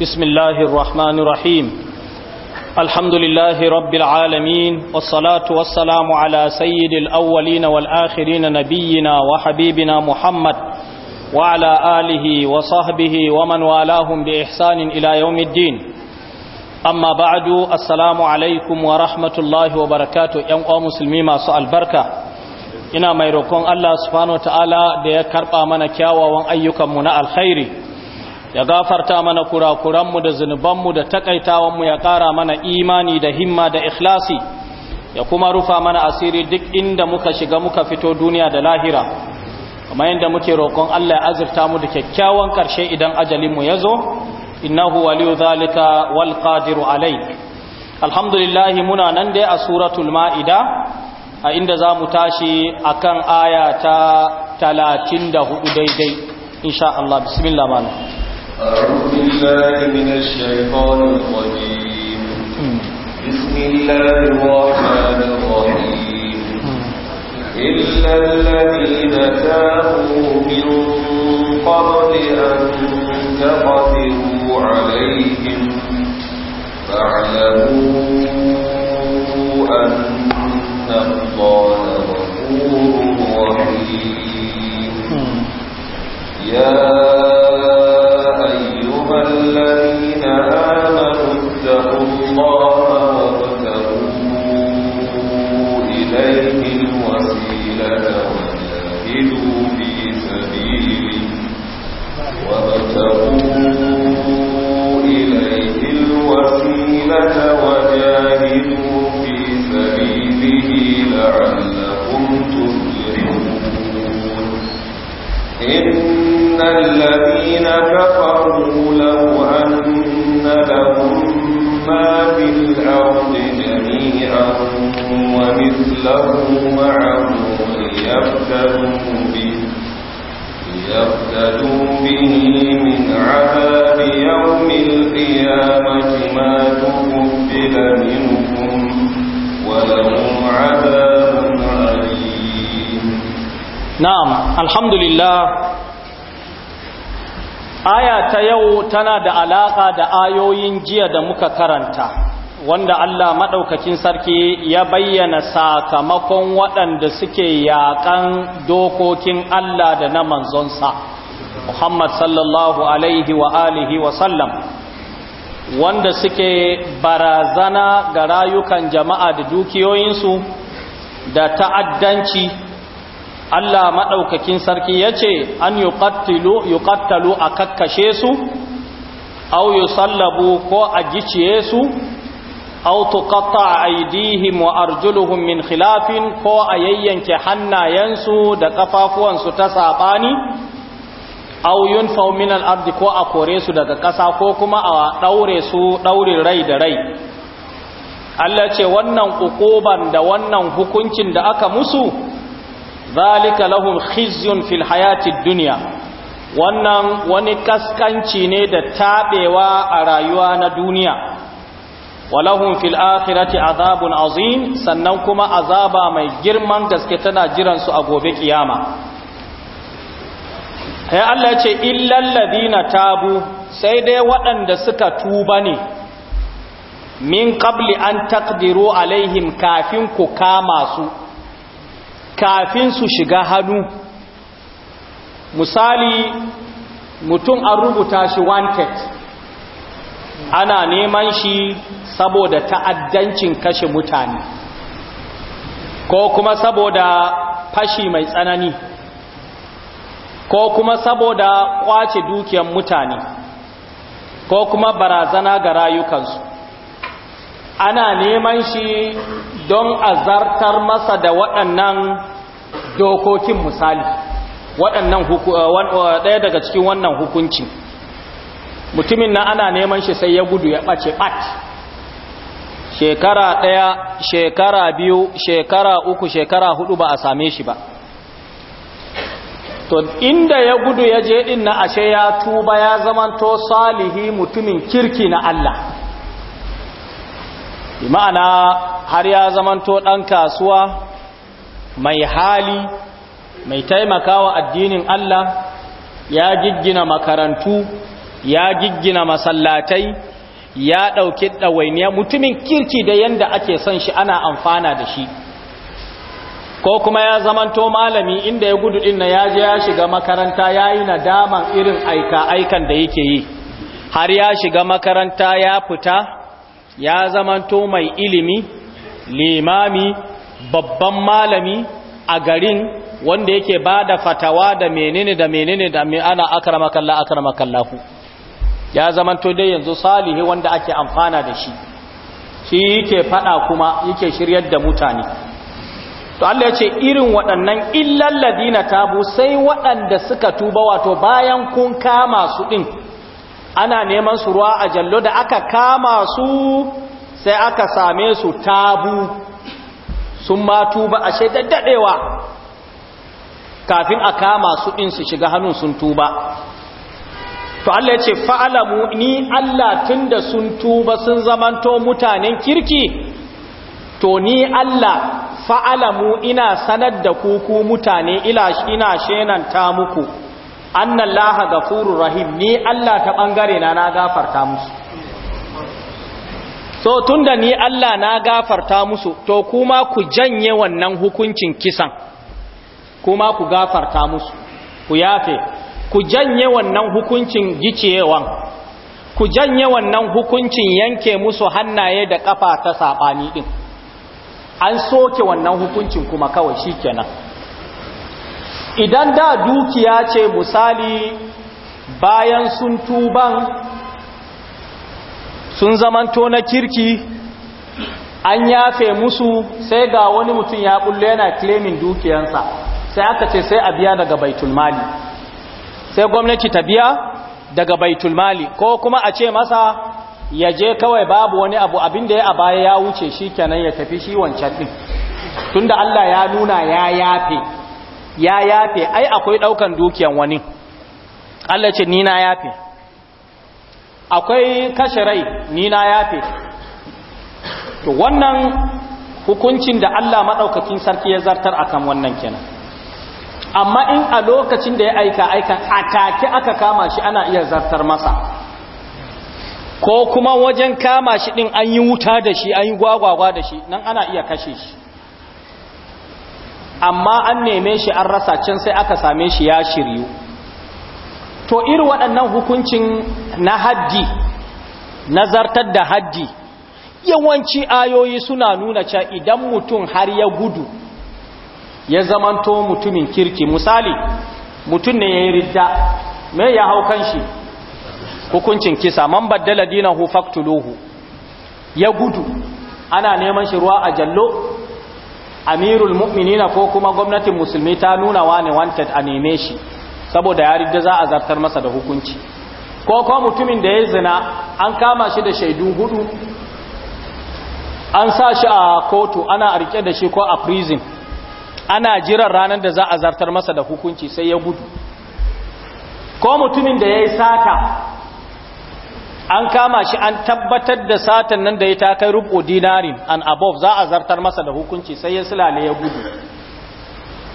بسم الله الرحمن الرحيم الحمد لله رب العالمين والصلاة والسلام على سيد الأولين والآخرين نبينا وحبيبنا محمد وعلى آله وصحبه ومن والاهم بإحسان إلى يوم الدين أما بعد السلام عليكم ورحمة الله وبركاته يوم مسلمين ما سؤال بركة ina mai roƙon Allah subhanahu wataala da ya karɓa mana kyawawan ayyukanmu na alkhairi ya gafarta mana kurakuranmu da zunubanmu da takaitawanmu ya ƙara mana imani da himma da ikhlasi ya kuma rufa mana asiri duk inda muka shiga muka fito duniya da lahira kuma yadda muke roƙon Allah ya azurta mu da kyakkyawan ƙarshe idan ajalinmu ya zo innahu waliyu zalika wal qadiru alai Alhamdulillahi, muna nan dai a suratul ma'ida a inda za mu tashi akan aya ta 34 daidai insha Allah bismillah ma'ana أعوذ بالله من الشيطان الرجيم بسم الله الرحمن الرحيم إلا الذين تابوا من قبل أن تقدروا عليهم فاعلموا أن الله غفور رحيم يا إن الذين كفروا لو أن لهم ما في الأرض جميعا ومثله معه ليفتدوا به ليفتدوا به من عذاب يوم القيامة ما تقبل منهم ولهم عذاب أليم نعم الحمد لله aya ta yau tana da alaƙa da ayoyin jiya da muka karanta wanda Allah maɗaukakin sarki ya bayyana sakamakon waɗanda suke yaƙan dokokin Allah da na manzonsa Muhammad sallallahu alaihi wa alihi wa sallam wanda suke barazana ga rayukan jama'a da dukiyoyinsu da ta'addanci Allah maɗaukakin sarki ya ce an yuƙattalu a kakkashe su au yi sallabu ko a giciye su au tuƙatta a aidihim wa arjuluhum min khilafin ko a yayyanke hannayensu da ƙafafuwansu ta saɓani au yun fauminal ardi ko a kore su daga ƙasa ko kuma a ɗaure su ɗaurin rai da rai Allah ce wannan ƙuƙuban da wannan hukuncin da aka musu zalika lahum khizyun fil hayatid dunya wannan wani kaskanci ne da taɓewa a rayuwa na duniya Walahun fil akhirati azabun azim sannan kuma azaba mai girman gaske tana jiran su a gobe kiyama sai Allah ya ce illal ladina tabu sai dai waɗanda suka tuba ne min qabli an taqdiru alaihim kafin ku kama su kafin su shiga hannu misali mutum an rubuta shi wanted ana neman shi saboda ta'addancin kashe mutane ko kuma saboda fashi mai tsanani ko kuma saboda kwace dukiyan mutane ko kuma barazana ga rayukansu ana neman shi don azartar masa da waɗannan dokokin misali waɗannan eh, eh, ɗaya daga cikin wannan hukunci mutumin na ana neman shi sai ya gudu ya ɓace ɓat shekara ɗaya shekara biyu shekara uku shekara hudu ba a same shi ba to inda ya gudu ya je ɗin na ashe ya tuba ya zamanto salihi mutumin kirki na Allah ma'ana har ya zamanto ɗan kasuwa mai hali mai taimakawa addinin Allah ya giggina makarantu ya giggina masallatai ya ɗauki ɗawainiya mutumin kirki da yanda ake son shi ana amfana da shi ko kuma ya zamanto malami inda ya gudu ɗin ya je ya shiga makaranta ya yi nadaman irin aika-aikan da yake yi har ya shiga makaranta ya fita ya zamanto mai ilimi limami babban malami a garin wanda yake ba da fatawa da menene da menene da me ana akramakalla kallahu ya zamanto dai yanzu salihi wanda ake amfana da shi shi yake fada kuma yake shiryar da mutane to Allah ya ce irin waɗannan illal ladina tabu sai waɗanda suka tuba wato bayan kun kama su din ana neman su ruwa a jallo da aka kama su sai aka same su tabu sun ma tuba ashe daɗewa kafin a kama su ɗin su shiga hannun sun tuba to Allah ya ce fa'alamu ni Allah tun da sun tuba sun zamanto mutanen kirki to ni Allah fa'alamu ina sanar da kuku mutane ina shenanta muku annan laha furu rahim ni Allah ta ɓangare na na gafarta musu to da ni Allah na gafarta musu to kuma ku janye wannan hukuncin kisan kuma ku gafarta musu ku yafe ku janye wannan hukuncin gicewan ku janye wannan hukuncin yanke musu hannaye da kafa ta sabani din an soke wannan hukuncin kuma kawai shikenan idan da dukiya ce misali bayan sun tuban sun zamanto na kirki an yafe musu sai ga wani mutum ya kulle yana claimin dukiyansa sai aka ce sai a biya daga baitul mali sai gwamnati ta biya daga baitul mali ko kuma a ce masa ya je kawai babu wani abu abin da ya a baya ya wuce shi kenan ya tafi shi wancan din tunda Allah ya nuna ya yafe ya yafe ai akwai daukan dukiyan wani Allah ce ni na yafe akwai kashe rai ni na yafe to wannan hukuncin da Allah maɗaukakin sarki ya zartar akan wannan kenan amma in a lokacin da ya aika aika a take aka kama shi ana iya zartar masa ko kuma wajen kama shi ɗin an yi wuta da shi an yi gwagwagwa da shi nan ana iya kashe shi amma an neme shi an rasa can sai aka same shi ya shiryu to iri waɗannan hukuncin na haddi nazartar da haddi yawanci ayoyi suna nuna cewa idan mutum har ya gudu ya zamanto mutumin kirki misali mutum ne ya yi ridda mai ya hau kanshi hukuncin kisa man baddala dina hufaktuluhu ya gudu ana neman shi ruwa a jallo amirul mu'minina ko kuma gwamnatin musulmi ta nuna wani wanted a neme shi saboda ya za a zartar masa da hukunci ko ko mutumin da ya zina an kama shi da shaidu hudu an sa shi a kotu ana rike da shi ko a prison ana jiran ranar da za a zartar masa da hukunci sai ya gudu ko mutumin da ya yi sata an kama shi an tabbatar da satan nan da ya ta kai rubo dinarin an above za a zartar masa da hukunci sai ya silale ya gudu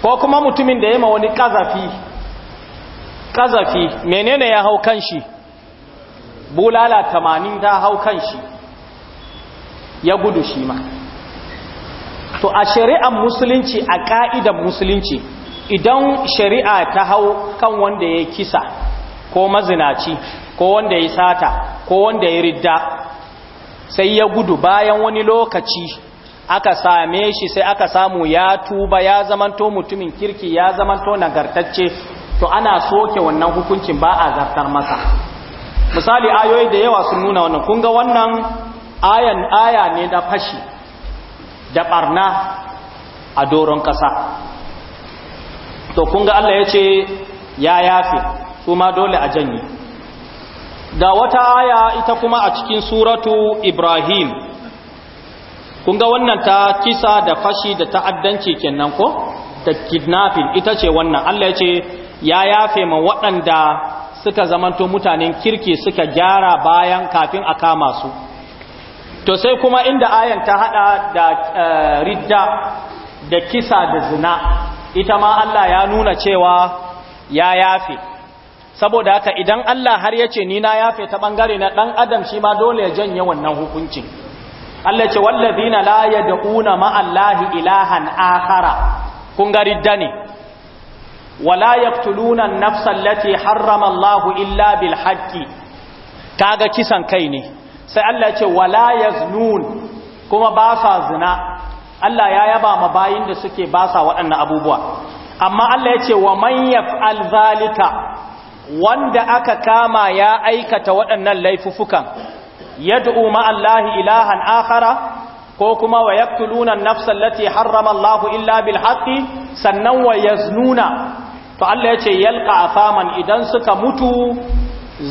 ko kuma mutumin da ya yi ma wani kazafi kazafi menene ya hau kan shi bulala tamanin ta hau kan shi ya gudu shi ma to a shari'ar musulunci a ka'idan musulunci idan shari'a ta hau kan wanda ya kisa ko mazinaci ko wanda ya sata ko wanda ya ridda sai ya gudu bayan wani lokaci aka same shi sai aka samu ya tuba ya zamanto mutumin kirki ya zamanto nagartacce to ana soke wannan hukuncin ba a zartar masa misali ayoyi da yawa sun nuna wannan kun wannan ayan aya ne na fashi da barna a doron kasa to kun ga Allah ya ce ya yafe su ma dole a janye da wata aya ita kuma a cikin suratu ibrahim kunga wannan ta kisa da fashi da ta'addanci kenan ko da kidnapping ita ce wannan Allah ya ce ya yafe ma waɗanda suka zamanto mutanen kirki suka gyara bayan kafin a kama su to sai kuma inda ayan ta hada da eh, ridda da kisa da zina ita ma Allah ya nuna cewa ya yafe saboda haka idan Allah har yace ce ni na yafe ta bangare na dan adam shi ma dole ya janye wannan hukunci Allah ce wallazina la yad'una ma'allahi ilahan akhara kun ga ridda ne wala yaqtuluna an-nafsa allati harrama Allahu illa bil Ta kaga kisan kai ne sai Allah ya ce wala yaznun kuma ba sa zina Allah ya yaba ma bayin da suke ba sa waɗannan abubuwa amma Allah ya ce wa man yaf'al zalika wanda aka kama ya aikata waɗannan laifufukan yad'u ma Allah ilahan akhara ko kuma wa yaqtuluna an lati harrama Allahu illa bil haqqi sannan wa yaznuna to Allah yace yalqa afaman idan suka mutu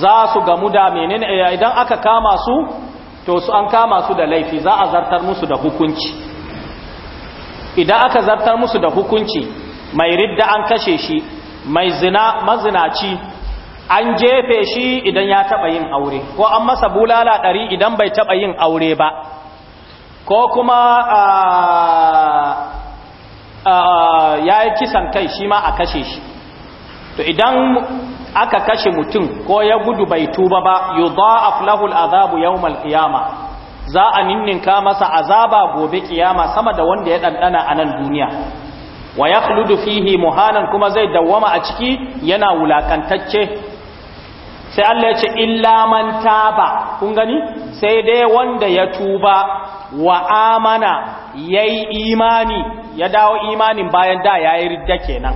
za su gamu da menene eh, idan aka kama su to su an kama su da laifi za a zartar musu da hukunci idan aka zartar musu da hukunci mai ridda an kashe shi mai zina mazinaci an jefe shi idan ya taɓa yin aure ko an masa bulala ɗari idan bai taɓa yin aure ba ko kuma ya yi kisan kai shi ma a kashe shi to idan aka kashe mutum ko ya gudu bai tuba ba yi za'af lahul azabu yau qiyama za a ninninka masa azaba gobe kiyama sama da wanda ya ɗanɗana a nan duniya wa ya fihi muhanan kuma zai dawwama a ciki yana wulakantacce sai Allah ya ce illa man taba kun gani sai dai wanda ya tuba wa amana yayi imani ya dawo imanin bayan da yayi ridda kenan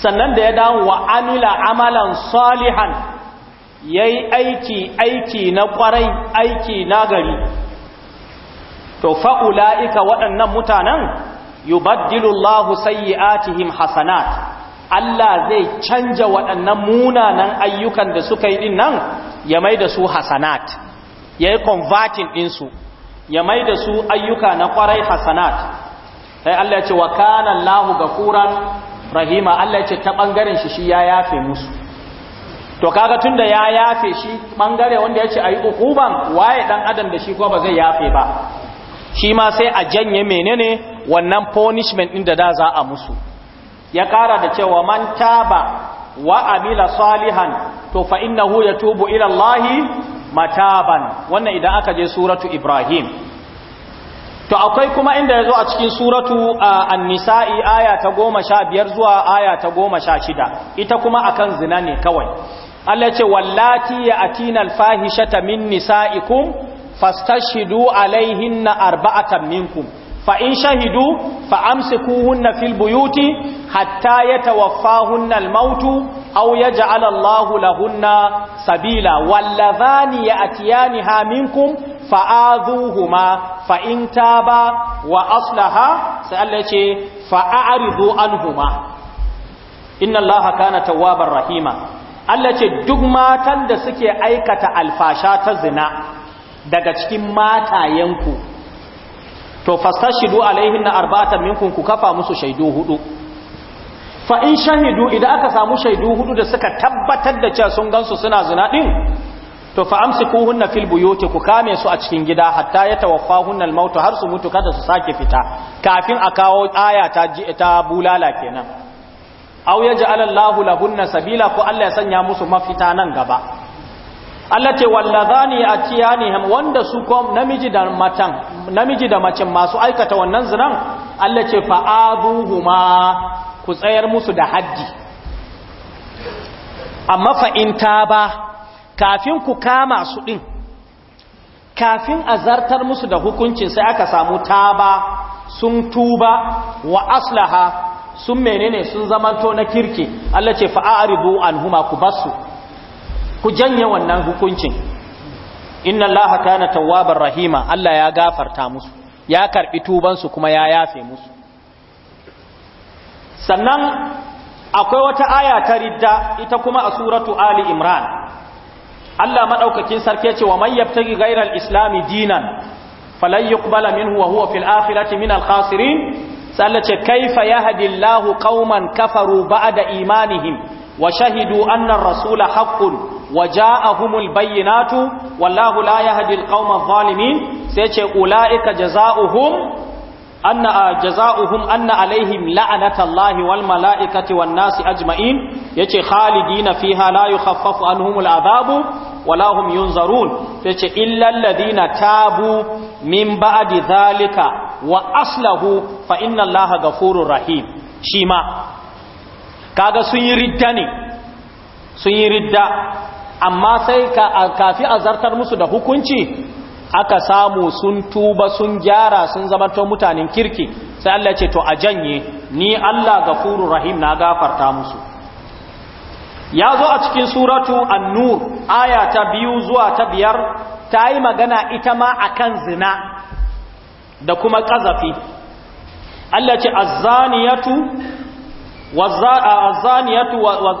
sannan da ya dawo wa amila amalan salihan yayi aiki aiki na kwarai aiki na gari to fa ulaika waɗannan mutanen yubaddilullahu sayyi'atihim hasanat Allah zai canja waɗannan munanan ayyukan da suka yi din nan ya mai da su hasanat ya yi konvatin ɗinsu ya mai da su ayyuka na ƙwarai hasanat sai Allah ya ce wa lahu ga ƙuran rahima Allah ya ce ta ɓangaren shi shi ya yafe musu to kaga tun da ya yafe shi ɓangare wanda ya ce a yi ukuban waye ɗan adam da shi ko ba zai yafe ba shi ma sai a janye menene wannan punishment ɗin da da za a musu ya ƙara da cewa man taba wa amila salihan to fa innahu yatubu ila Allah mataban wannan idan aka je suratu Ibrahim to akwai kuma inda yazo a cikin suratu An-Nisa'i aya ta 15 zuwa aya ta 16 ita kuma akan zina ne kawai Allah ce wallati ya atina alfahishata min nisa'ikum fastashhidu alaihinna arba'atan minkum fa in shahidu fa amsikuhunna fil buyuti hatta tawaffa hunnal mautu aw yaj'al Allahu lahunna sabila walladhani ya'tiyaniha minkum fa'adhuhuma fa in ba wa aslaha sai Allah ce fa'aridu anhuma inna Allaha kana tawabar rahima Allah ce duk matan da suke aikata alfasha ta zina daga cikin matayenku to fastashidu alaihin na arba'atan minkum ku kafa musu shaidu hudu fa in shahidu idan aka samu shaidu hudu da suka tabbatar da cewa sun gansu suna zina din to fa amsikuhunna fil buyuti ku kame su a cikin gida hatta ya tawaffahunna al maut har su mutu kada su sake fita kafin a kawo aya ta ta bulala kenan aw yaj'al Allahu lahunna sabila ko Allah ya sanya musu mafita nan gaba Allah ce wallazani atiyanihim wanda su kom namiji da matan namiji da macin masu aikata wannan zinan Allah ce fa'aduhuma ku tsayar musu da haddi A fa in taba kafin ku kama su ɗin, kafin a zartar musu da hukuncin sai aka samu taba sun tuba wa aslaha sun menene sun zamanto na kirki Allah ce fa'aridu anhuma ku basu ku janye wannan hukuncin inna allaha kana tawwabar rahima Allah ya gafarta musu ya karbi tubansu kuma ya yafe musu sannan akwai wata aya ta ridda ita kuma a suratu ali imran Allah madaukakin sarki ce wa man yabtaghi ghayra al-islam dinan falan yuqbala minhu wa huwa fil akhirati min al-khasirin kaifa yahdi Allahu qauman kafaru ba'da imanihim wa shahidu anna rasula haqqun wa ja'ahumul bayyinatu wallahu la yahdi alqawma adh-dhalimin sai ce ulaika jazaohum anna jazaohum anna alaihim la'natullahi wal mala'ikati wan nasi ajma'in yace khalidina fiha la yukhaffafu anhumul adhabu wala hum yunzarun yace illa ta bu min ba'adi zalika wa aslahu fa inna allaha ghafurur rahim ma. kaga sun yi ridda ne sun yi ridda amma sai kafi a zartar musu da hukunci aka samu sun tuba sun gyara sun zamanto mutanen kirki sai Allah ce to a janye ni Allah gafurur rahim na gafarta musu ya zo a cikin suratu an-nur aya ta biyu zuwa ta biyar ta yi magana ita ma akan zina da kuma ƙazafi Allah ce azzaniyatu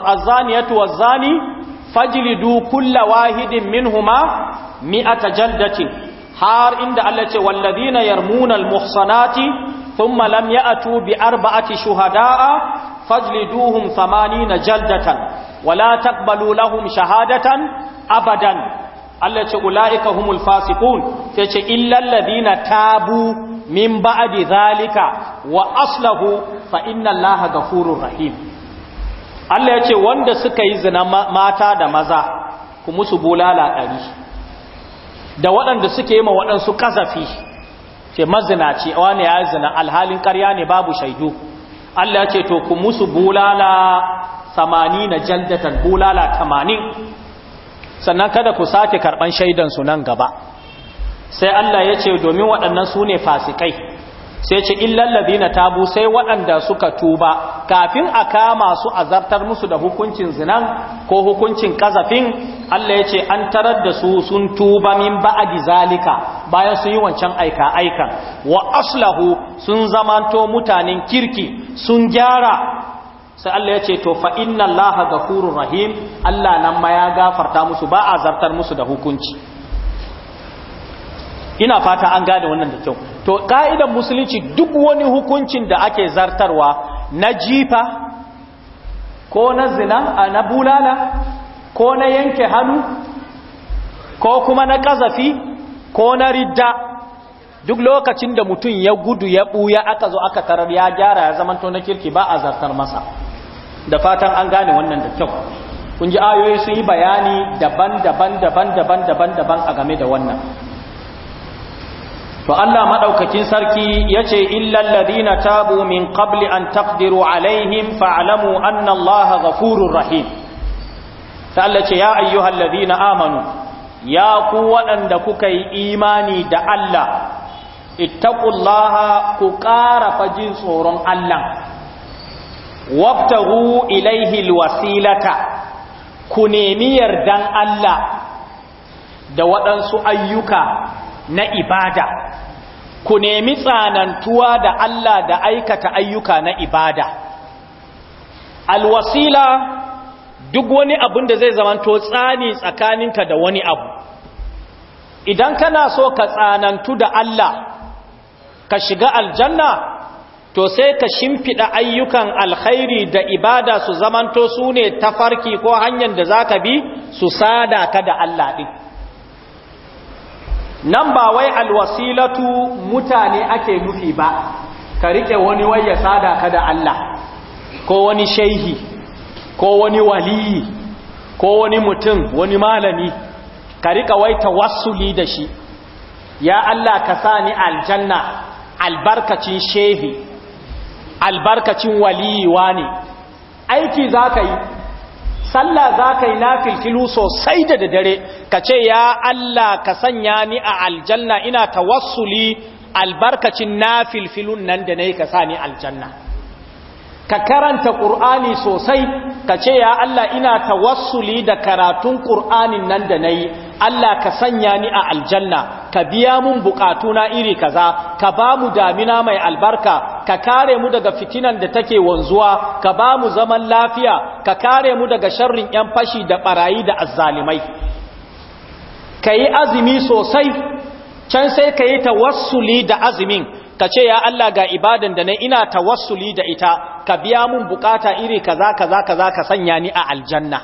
wazaniyatu wazani fajlidu kulla wahidin minhuma mi'ata jaldati. har inda Allah ce wallazina yarmuna almuhsanati thumma lam ya'tu bi arba'ati shuhada'a fajliduhum 80 jaldatan wala taqbalu lahum shahadatan abadan Allah ce ulaika humul fasiqun sai ce illal ladina tabu min ba'di zalika wa aslahu fa inna allaha ghafurur rahim Allah ya ce wanda suka yi zina mata da maza ku musu bulala ɗari da waɗanda suke yi ma waɗansu kazafi ce ce wani ya zina alhalin ƙarya ne babu shaidu Allah ya ce to ku musu bulala samani na jaldatan bulala tamanin sannan kada ku sake karɓan shaidansu nan gaba sai Allah ya ce domin waɗannan su ne fasikai sai ce illallazi na tabu sai waɗanda suka tuba kafin a kama su a zartar musu da hukuncin zinan ko hukuncin kazafin Allah ya ce an tarar da su sun tuba min ba'adi zalika bayan sun yi wancan aika aikan wa aslahu sun zamanto mutanen kirki sun gyara sai Allah ya ce to fa inna allaha ghafurur rahim Allah nan ma ya gafarta musu ba a zartar musu da hukunci ina fata an gane wannan da kyau to ka'idar musulunci duk wani hukuncin da ake zartarwa na jifa ko na zina a na bulala ko na yanke hannu ko kuma na kazafi ko na ridda duk lokacin da mutum ya gudu ya buya aka zo aka tarar ya gyara ya zamanto na kirki ba a zartar masa da fatan an gane wannan da kyau kun ji ayoyi sun yi bayani daban-daban daban-daban daban-daban a game da wannan to Allah madaukakin sarki yace illal ladina tabu min qabli an taqdiru alaihim fa'lamu anna Allaha ghafurur rahim ta Allah ce ya ayyuhal ladina amanu ya ku waɗanda kuka yi imani da Allah ittaqullaha ku ƙara fajin tsoron Allah wabtahu ilaihi alwasilata ku nemi yardan Allah da waɗansu ayyuka na ibada ku nemi tsanantuwa da Allah da aikata ayyuka na ibada alwasila duk wani abun da zai zamanto tsani tsakaninka da wani abu idan kana so ka tsanantu da Allah ka shiga aljanna to sai ka shimfiɗa ayyukan alkhairi da ibada su zamanto su ne tafarki ko hanyar da za ka bi su sada ka da Allah ɗin nan ba wai alwasilatu mutane ake nufi ba ka rike wani wai ya sada ka da Allah ko wani shehi ko wani waliyi ko wani mutum wani malami ka rika wai tawassuli da shi ya Allah ka sani aljanna albarkacin shehi albarkacin waliyi ne aiki zaka yi sallah za ka yi nafilfilu sosai da dare ka ce ya Allah ka sanya ni a aljanna ina tawassuli albarkacin nafilfilun nan da na yi ka sa ni aljanna ka karanta ƙur'ani sosai ka ce ya Allah ina tawassuli da karatun ƙur'anin nan da na yi Allah ka sanya ni a aljanna ka biya mun bukatu na iri kaza ka ba mu damina mai albarka ka kare mu daga fitinan da take wanzuwa ka ba mu zaman lafiya ka kare mu daga sharrin yan fashi da barayi da azzalimai ka azumi sosai can sai ka tawassuli da azumin ka ce ya Allah ga ibadan da na ina tawassuli da ita ka biya mun bukata iri kaza kaza kaza ka sanya ni a aljanna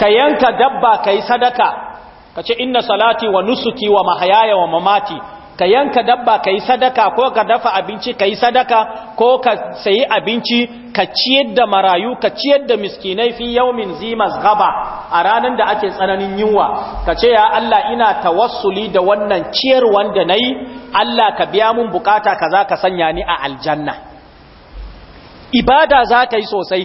ka yanka dabba ka sadaka ka ce inna salati wa nusuki wa mahayaya wa mamati ka yanka dabba ka yi sadaka ko ka dafa abinci ka yi sadaka ko ka sayi abinci ka ciyar da marayu ka ciyar da miskinai fi yaumin zimas gaba a ranar da ake tsananin yunwa ka ce ya Allah ina tawassuli da wannan ciyar wanda na yi Allah ka biya mun bukata ka za ka sanya ni a aljanna ibada za ka yi sosai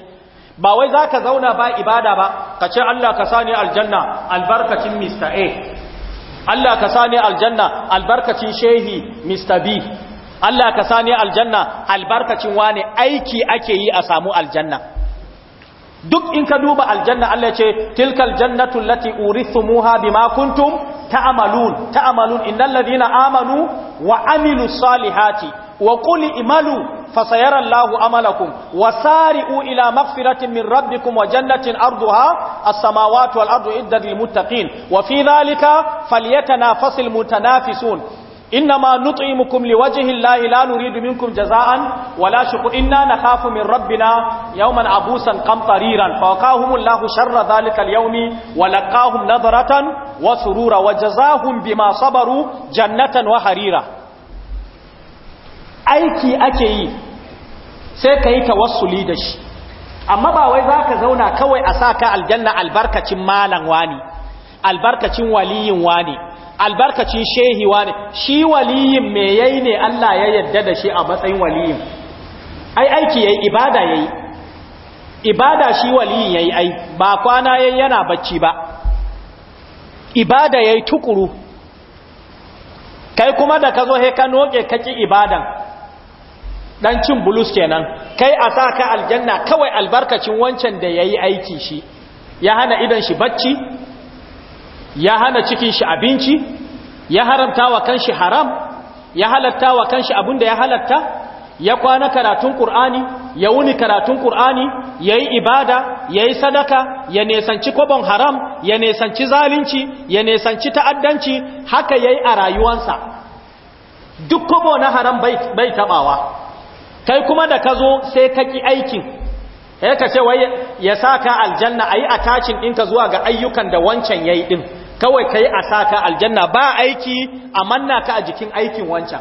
ba wai za ka zauna ba ibada ba ka ce Allah ka sani aljanna albarkacin Mr. A Allah ka sani aljanna albarkacin shehi Mr. B Allah ka sani aljanna albarkacin wane aiki ake yi a samu aljanna duk in ka duba aljanna Allah ce tilkal jannatu lati urithumuha bima kuntum ta'malun ta'malun innal ladina amanu wa amilus salihati وقل إمالوا فسيرى الله أملكم وسارئوا إلى مغفرة من ربكم وجنة أرضها السماوات والأرض إدى للمتقين وفي ذلك فليتنافس المتنافسون إنما نطعمكم لوجه الله لا نريد منكم جزاء ولا شكو إنا نخاف من ربنا يوما عبوسا قمطريرا فوقاهم الله شر ذلك اليوم ولقاهم نظرة وسرورا وجزاهم بما صبروا جنة وحريرا aiki ake yi sai ka yi tawassuli da shi amma ba wai za ka zauna kawai a sa ka aljanna albarkacin malan wani albarkacin waliyin wani albarkacin shehi wani shi waliyin me yayi ne Allah ya yarda da shi a matsayin waliyin ai aiki yayi ibada yayi ibada shi waliyin yayi ai ba kwana yayi yana bacci ba ibada yayi tukuru kai kuma da ka zo he ka noke kaki ibadan dan cin bulus kenan kai a sa ka aljanna kawai albarkacin wancan da yayi aiki shi ya hana idan shi bacci ya hana cikin shi abinci ya haramta wa kanshi haram ya halatta wa kanshi abin da ya halatta ya kwana karatun Kur'ani, ya wuni karatun Kur'ani, yayi ibada, yayi sadaka, ya nesanci kobon haram, ya nesanci zalunci, ya nesanci ta'addanci, haka yayi a rayuwansa. Duk kobo na haram bai taɓawa, kai kuma da ka zo sai ka ƙi aikin ya eh, ka ce ya sa ka aljanna a yi attachin ɗinka zuwa ga ayyukan da wancan ya yi ɗin kawai ka yi a sa ka aljanna ba aiki a manna ka a jikin aikin wancan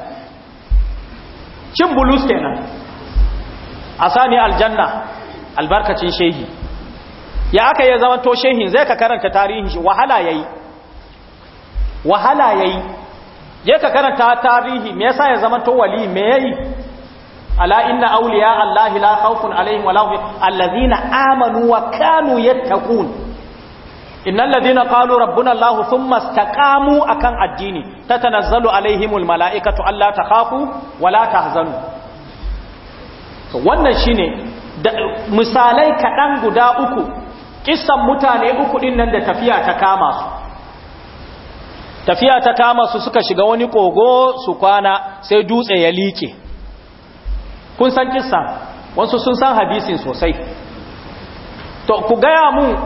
cin bulus kenan a sami aljanna albarkacin shehi ya aka yi zaman to shehin zai ka karanta tarihin shi wahala ya yi wahala ya yi ya ka karanta tarihi me yasa ya zaman to wali me ya yi ala inna auliya allahi la khawfun alaihim wa lahum allazina amanu wa kanu yattaqun innal ladina qalu rabbuna allah thumma istaqamu akan addini tatanazzalu alaihimul malaikatu alla takhafu wa la tahzanu to wannan shine misalai kaɗan guda uku kisan mutane uku ɗin nan da tafiya ta kama su tafiya ta kama su suka shiga wani kogo su kwana sai dutse ya like. kun san kissa wasu sun san hadisin sosai to ku gaya mun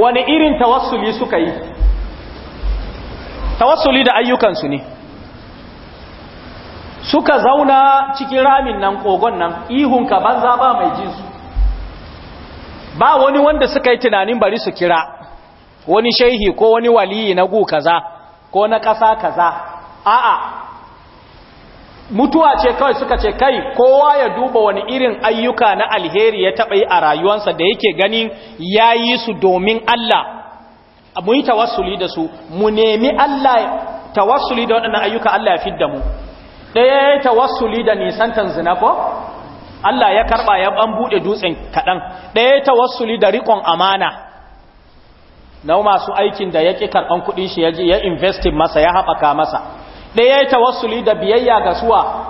wani irin tawassuli suka yi tawassuli da ayyukansu ne suka zauna cikin ramin nan kogon nan ihunka banza ba mai jinsu ba wani wanda suka yi tunanin bari su kira wani shehi ko wani waliyi na gu kaza ko na kasa kaza a'a mutuwa ce kawai suka ce kai kowa ya duba wani irin ayyuka na alheri ya taɓa yi a rayuwansa da yake ganin ya yi su domin Allah mu yi tawassuli da su mu nemi Allah tawassuli da waɗannan ayyuka Allah ya fidda mu ɗaya ya yi tawassuli da nisantan zina ko Allah ya karɓa ya ban buɗe dutsen kaɗan ɗaya ya yi tawassuli da rikon amana na masu aikin da ya ƙi karɓan kuɗin shi ya ya investi masa ya haɓaka masa ɗaya ya tawassuli da biyayya ga suwa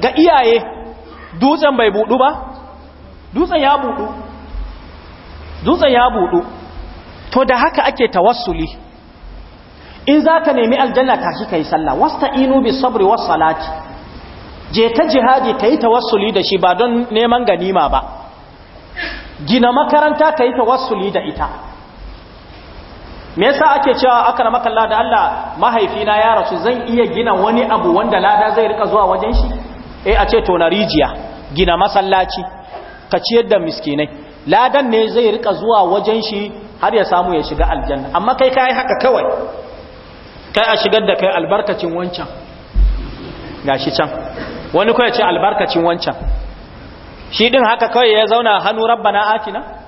ga iyaye dutsen bai budu ba dutsen ya budu dutsen ya budu to da haka ake tawassuli in za ka nemi aljanna tashi ka yi sallah wasta inu sabri was salati je ta jihadi ka tawassuli da shi ba don neman ganima ba gina makaranta ka tawassuli da ita me yasa ake cewa akramaka Allah da Allah mahaifina ya rasu zan iya gina wani abu wanda lada zai rika zuwa wajen shi eh a ce to na rijiya gina masallaci ka ciyar da miskinai ladan ne zai rika zuwa wajen shi har ya samu ya shiga aljanna amma kai kai haka kawai kai a shigar da kai albarkacin wancan gashi can wani ko ya ce albarkacin wancan shi din haka kawai ya zauna hannu rabbana atina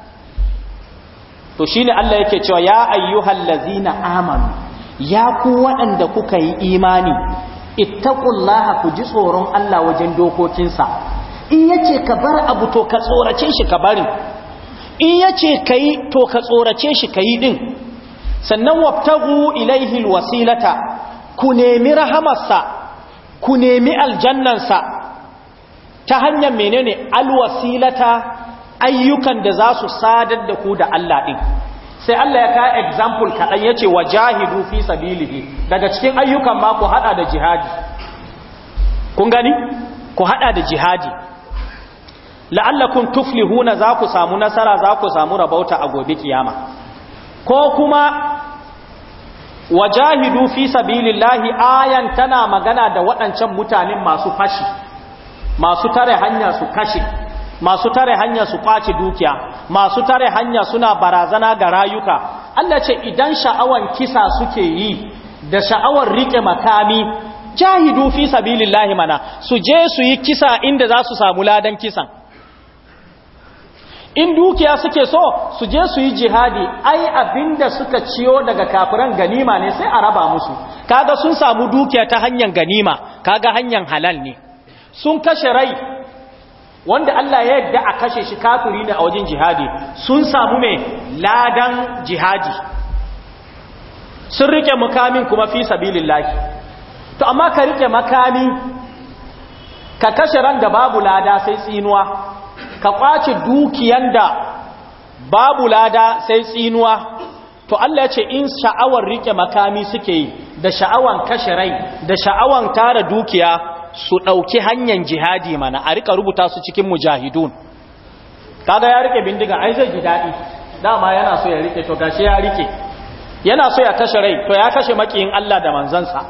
to shine Allah yake cewa ya ayyuhal ladzina amanu ya ku waɗanda kuka yi imani ittaqullaha ku ji tsoron Allah wajen dokokinsa in yace ka bar abu to ka tsorace shi ka bari, in yace kai to ka tsorace shi kai din sannan wabtagu ilaihi alwasilata ku nemi rahamarsa ku nemi aljannansa ta hanyar menene alwasilata ayyukan da za su sadar da ku da Allah ɗin sai Allah ya ka example kaɗan ya ce wa jahidu fi sabilihi daga cikin ayyukan ma ku haɗa da jihadi kun gani ku haɗa da jihadi la'allakun tuflihuna za ku samu nasara za ku samu rabauta a gobe kiyama ko kuma wajahidu fi sabilillahi ayan tana magana da waɗancan mutanen masu fashi masu tare hanya su kashe masu tare hanya su kwace dukiya masu tare hanya suna barazana ga rayuka Allah ce idan sha'awan kisa suke yi da sha'awar rike makami jahidu fi sabilillahi mana su je su yi kisa inda za su samu ladan kisan in dukiya suke so su je su yi jihadi ai abinda suka ciyo daga kafiran ganima ne sai a raba musu kaga sun samu dukiya ta hanyar ganima kaga hanyar halal ne sun kashe rai wanda Allah ya yadda a kashe shi kafiri ne a wajen jihadi sun samu mai ladan jihadi sun rike makamin kuma fi sabilillahi to amma ka rike makami ka kashe ran da babu lada sai tsinuwa ka kwace dukiyan da babu lada sai tsinuwa to Allah ya ce in sha'awar rike makami suke yi da sha'awan kashe rai da sha'awan tara dukiya su ɗauki hanyar jihadi mana a rika rubuta su cikin mujahidun kada ya rike bindiga ai zai ji daɗi dama yana so ya rike to gashi ya rike yana so ya kashe rai to ya kashe makiyin Allah da manzansa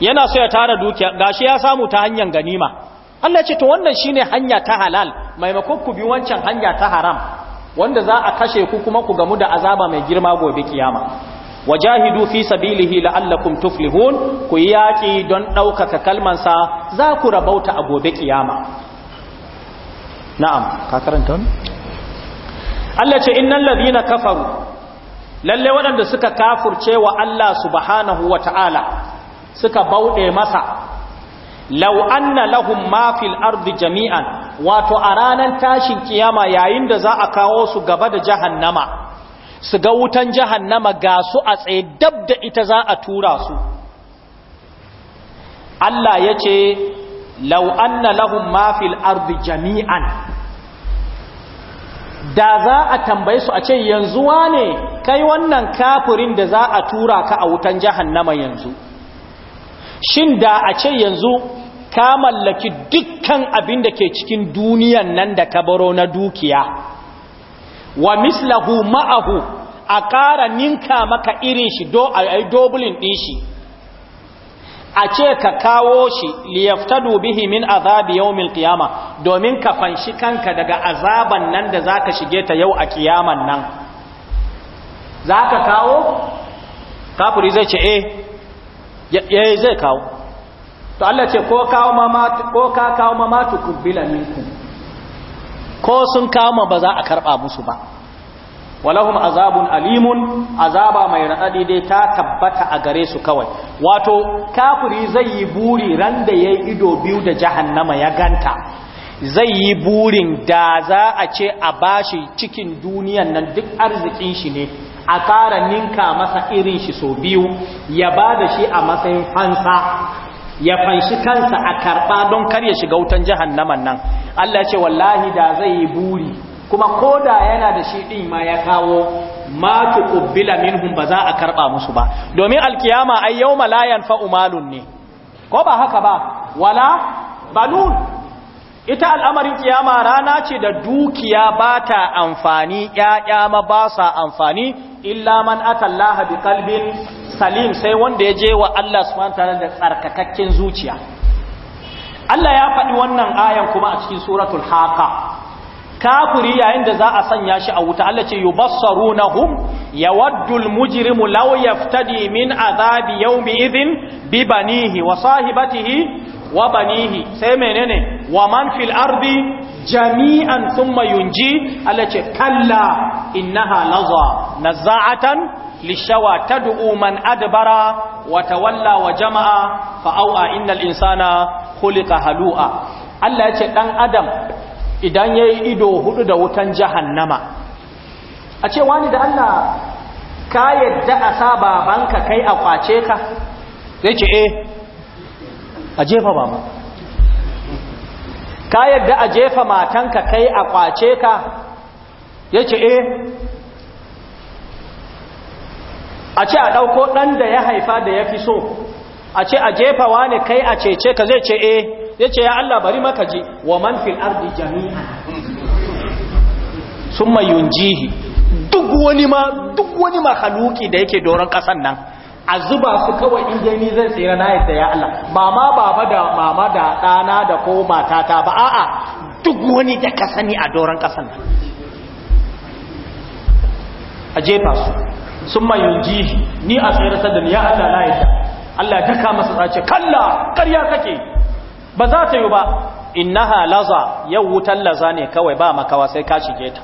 yana so ya tara dukiya gashi ya samu ta hanyar ganima Allah ce to wannan shine hanya ta halal maimakon ku bi wancan hanya ta haram wanda za a kashe ku kuma ku gamu da azaba mai girma gobe kiyama wajahidu fi sabilihi la'allakum tuflihun ku yaki don ɗaukaka kalmansa za ku rabauta a gobe kiyama na'am ka karanta wani Allah ce innal ladina kafaru lalle waɗanda suka kafurce wa Allah subhanahu wata'ala suka bauɗe masa law anna lahum ma fil ardi jami'an wato a ranar tashin kiyama yayin da za a kawo su gaba da jahannama su ga wutan jahannama ga su a tsaye dab da ita za a tura su Allah ya ce lau anna lahum ma fil ardi jami'an da za a tambaye su a ce yanzu wane kai wannan kafirin da za a tura ka a wutan jahannama yanzu shin da a ce yanzu ka mallaki dukkan abin da ke cikin duniyan nan da kabaro na dukiya wa mislahu ma'ahu a ƙara ninka maka irin shi do a yi dobulin ɗin shi a ce ka kawo shi liyafta dubihi min azabi mil kiyama domin ka fanshi kanka daga azaban nan da za ka shige ta yau a kiyaman nan Za ka kawo Kafuri zai ce eh yi zai kawo to Allah ce ko ka kawo mamatu kubbila ninku? ko sun kama ba za a karɓa musu ba walahum azabun alimun azaba mai raɗaɗi dai ta tabbata a gare su kawai wato kafiri zai yi buri ran da ya yi ido biyu da jahannama ya ganta zai yi burin da za a ce a bashi cikin duniyan nan duk arzikin shi ne a ƙara ninka masa irin shi so biyu ya ba da shi a matsayin fansa ya fanshi kansa a karɓa don kar ya shiga wutan jahannaman nan Allah ce wallahi da zai yi buri kuma ko da yana da shi ɗin ma ya kawo ma tuqbila minhum ba za a karɓa musu ba domin alkiyama ai yawma la fa umalun ne ko ba haka ba wala banun ita al'amarin kiyama rana ce da dukiya ba ta amfani ƴaƴa ma ba sa amfani illa man atallaha bi qalbin salim sai wanda ya je wa Allah subhanahu da tsarkakakken zuciya Allah ya faɗi wannan ayan kuma a cikin suratul haqa kafiri yayin da za a sanya shi a wuta Allah ce yubassarunahum yawaddul mujrimu law yaftadi min azabi yawmi idhin bi banihi wa sahibatihi wa banihi sai menene wa man fil ardi jami'an thumma yunji Allah kalla innaha laza naza'atan lishawa tad'u man adbara wa tawalla wa jama'a fa au'a innal insana khuliqa halu'a Allah yace ce dan adam idan yayi ido hudu da wutan jahannama a ce wani da Allah ka yadda a sa babanka kai a kwace ka zai ce eh a jefa ba ma ka yadda a jefa matanka kai a kwace ka ya ce e, a ce a ɗauko ɗan da ya haifa da ya fi so a ce a jefa ne kai a cece ka zai ce e. ya ce ya Allah bari maka ji wa man fil ardi jami'a sun mai duk wani ma duk wani da yake doron ƙasan nan a zuba su kawai in ni zan tsira na yi ya Allah ba ma baba da mama da ɗana da ko matata ba a'a duk wani da ka sani a doron kasan nan a jefa su sun mayun ji ni a ta da ya Allah na yadda Allah ta kama masa tsace kalla karya kake ba za ta yi ba innaha laza yau wutan laza ne kawai ba makawa sai ka shige ta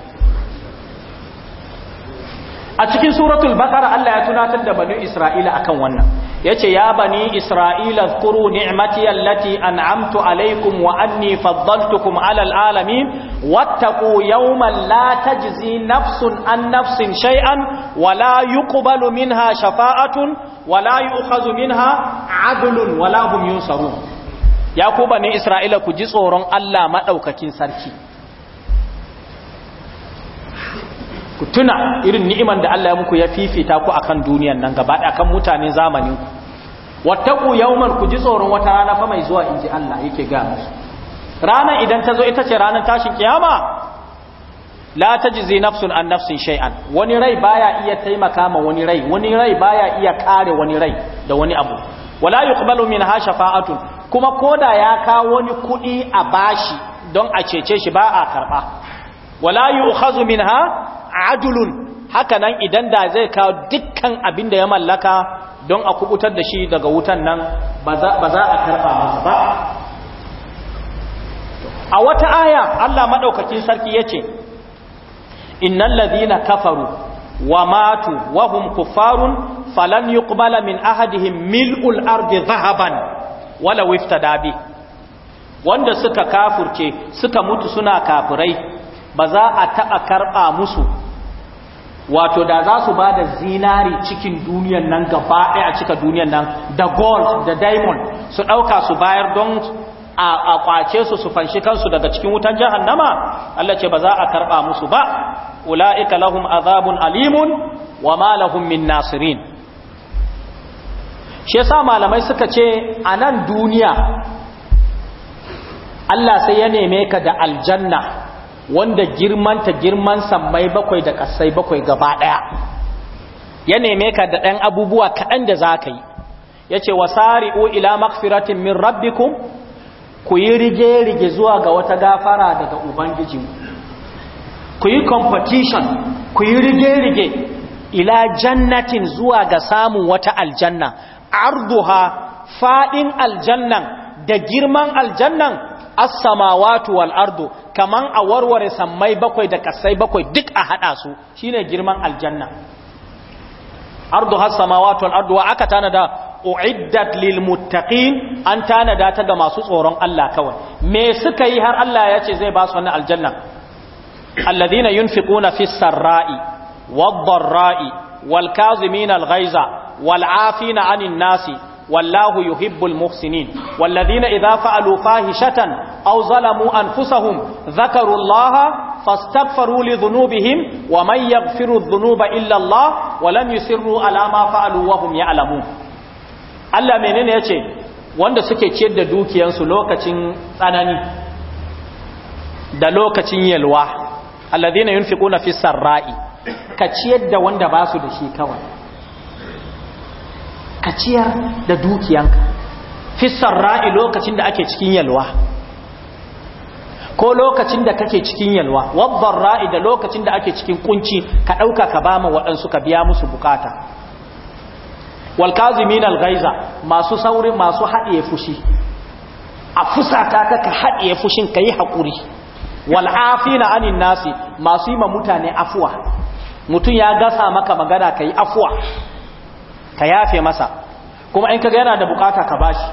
a cikin suratul baqara Allah ya tunatar da banu Isra'ila akan wannan yace ya bani Isra'ila zkuru ni'mati allati an'amtu alaykum wa anni faddaltukum 'alal alami. wattaqu yawman la tajzi nafsun an nafsin shay'an wa la yuqbalu minha shafa'atun wa la yu'khadhu minha 'adlun wa la hum yunsarun ya ku bani Isra'ila ku ji tsoron Allah madaukakin sarki ku tuna irin ni'iman da Allah ya muku ya fifita ku akan duniyan nan gaba da kan mutane zamanin ku wattaku yawman ku ji tsoron wata rana fa mai zuwa inji Allah yake ga musu ranar idan ta zo ita ce ranar tashin kiyama la tajzi nafsun an nafsin shay'an wani rai baya iya taimaka ma wani rai wani rai baya iya kare wani rai da wani abu wala yuqbalu minha shafa'atun kuma koda ya kawo wani kudi a bashi don a cece shi ba a karba wala yu'khazu minha adulun hakanan idan da zai kawo dukkan abin da ya mallaka don a kubutar da shi daga wutan nan ba za a karɓa masa ba a wata aya Allah maɗaukakin sarki ya ce innan ladina kafaru wa matu wahum kufarun falan yuqbala min ahadihim mil'ul ardi zahaban wala wifta dabi wanda suka kafurce suka mutu suna kafurai ba za a taɓa karɓa musu wato da za su ba da zinari cikin duniyan nan gaba ɗaya cika duniyan nan da gold da diamond su ɗauka su bayar don a kwace su su fanshi kansu daga cikin wutan jahannama Allah ce ba za a karɓa musu ba ula'ika lahum azabun alimun wa ma lahum min nasirin shi yasa malamai suka ce a nan duniya Allah sai ya neme ka da aljanna wanda girmanta girman sammai bakwai da kasai bakwai gaba ɗaya ya neme ka da ɗan abubuwa kaɗan da za ka yi ya ce wa sari'u ila makfiratin min rabbikum ku yi rige-rige zuwa ga wata gafara daga ubangijin ku yi competition ku yi rige-rige ila jannatin zuwa ga samun wata aljanna arduha faɗin aljannan da girman aljannan as-samawati wal ardu kaman a warware sammai bakwai da kasai bakwai duk a hada su shine girman aljanna ardu has samawati wal ardu wa aka tanada uiddat lil muttaqin an tanada ta ga masu tsoron Allah kawai me suka yi har Allah ya ce zai ba su wannan aljanna alladhina yunfiquna fis sarra'i wad dharra'i wal kazimin al ghaiza wal afina anin nasi wallahu yuhibbul muhsinin walladhina idza fa'alu fahishatan aw zalamu anfusahum Zakarullaha allaha fastaghfiru li dhunubihim wa man yaghfiru dhunuba illa allah wa lam yusirru alama ma fa'alu wa hum Allah menene yace wanda suke ciyar da dukiyansu lokacin tsanani da lokacin yalwa alladhina yunfiquna fis ra'i. ka ciyar da wanda basu da shi kawai ka da dukiyanka fissar ra'i lokacin da ake cikin yalwa ko lokacin da kake cikin yalwa wabban ra'i da lokacin da ake cikin kunci ka ɗauka ka bama waɗansu ka biya musu bukata walkazimin algaiza masu sauri masu haɗiye fushi a fusata ka ka haɗiye fushin ka yi haƙuri wal'afina anin nasi masu yi ma mutane afuwa mutum ya gasa maka magana ka yi afuwa ka yafe masa kuma in kaga yana da bukata ka bashi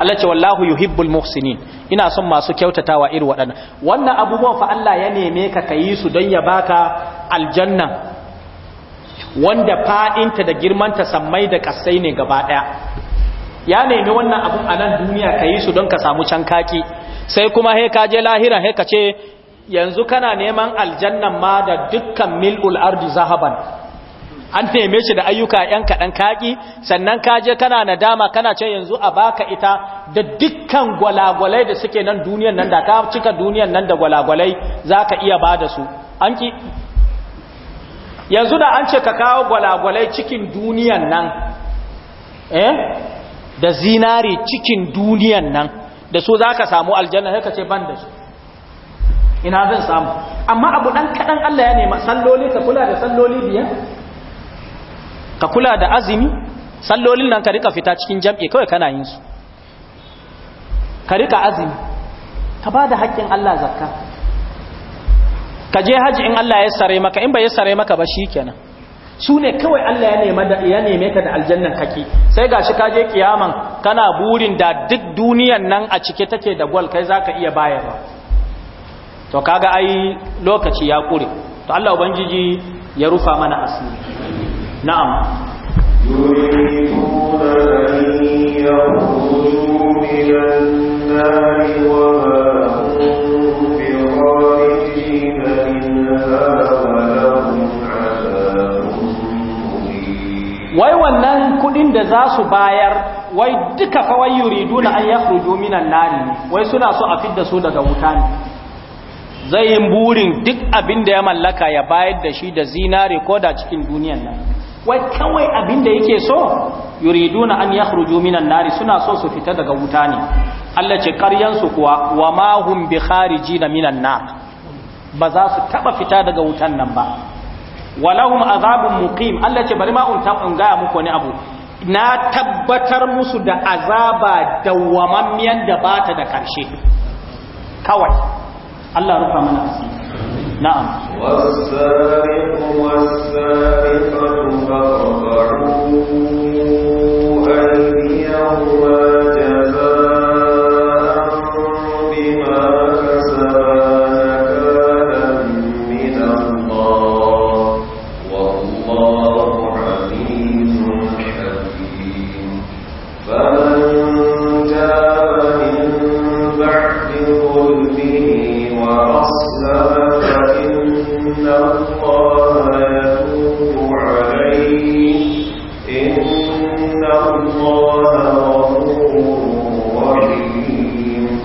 Allah ce wallahu yuhibbul muhsinin ina son masu kyautatawa irin waɗannan wannan abubuwan fa Allah ya neme ka kayi su don ya baka aljanna wanda fa'inta da girmanta sammai da kassai ne gaba ɗaya ya neme wannan abun a nan duniya ka su don ka samu can kaki sai kuma he ka je lahira he ka ce yanzu kana neman aljannan ma da dukkan mil'ul ardi zahaban an neme shi da ayyuka ‘yan kaɗan kaƙi sannan ka je kana nadama kana ce yanzu a baka ita da dukkan gwalagwalai da suke nan duniyan nan da ta cika duniyan nan da gwalagwalai za ka iya ba da su an ki yanzu da an ce ka kawo gwalagwalai cikin duniyan nan eh da zinari cikin duniyan nan da su za ka samu aljanna sai ka ce ban da su ina zan samu amma abu ɗan kaɗan Allah ya nema salloli ka kula da salloli biyar ka kula da azumi sallolin nan ka rika fita cikin jam'i kawai kana yin su ka rika azumi ka ba da haƙƙin Allah zakka ka je haji in Allah ya sare maka in bai sare maka ba shikenan su ne kawai Allah ya neme ka da aljannan kake sai gashi ka je kiyaman kana burin da duk duniyan nan a cike take da gwal kai zaka iya bayarwa to kaga ai lokaci ya kure to Allah ubangiji ya rufa mana asiri na'am يريدون أن يخرجوا من النار وما هم منها wai wannan kudin da za su bayar wai duka yuri duna an ya furjo minan nari wai suna so a fidda su daga wuta ne zai yin burin duk abin da ya mallaka ya bayar da shi da zinare ko da cikin duniyan nan wai kawai abin da yake so yuriduna an yakhruju minan nari suna so su fita daga wuta ne Allah ce karyan su kuwa wa ma hum bi kharijina minan nar ba za su taba fita daga wutan nan ba walahum azabun muqim Allah ce bari ma in gaya muku ne abu na tabbatar musu da azaba dawwamammiyan da bata da karshe kawai Allah rufa mana asiri نعم والسارق والسارقة فارفعوا أيديهما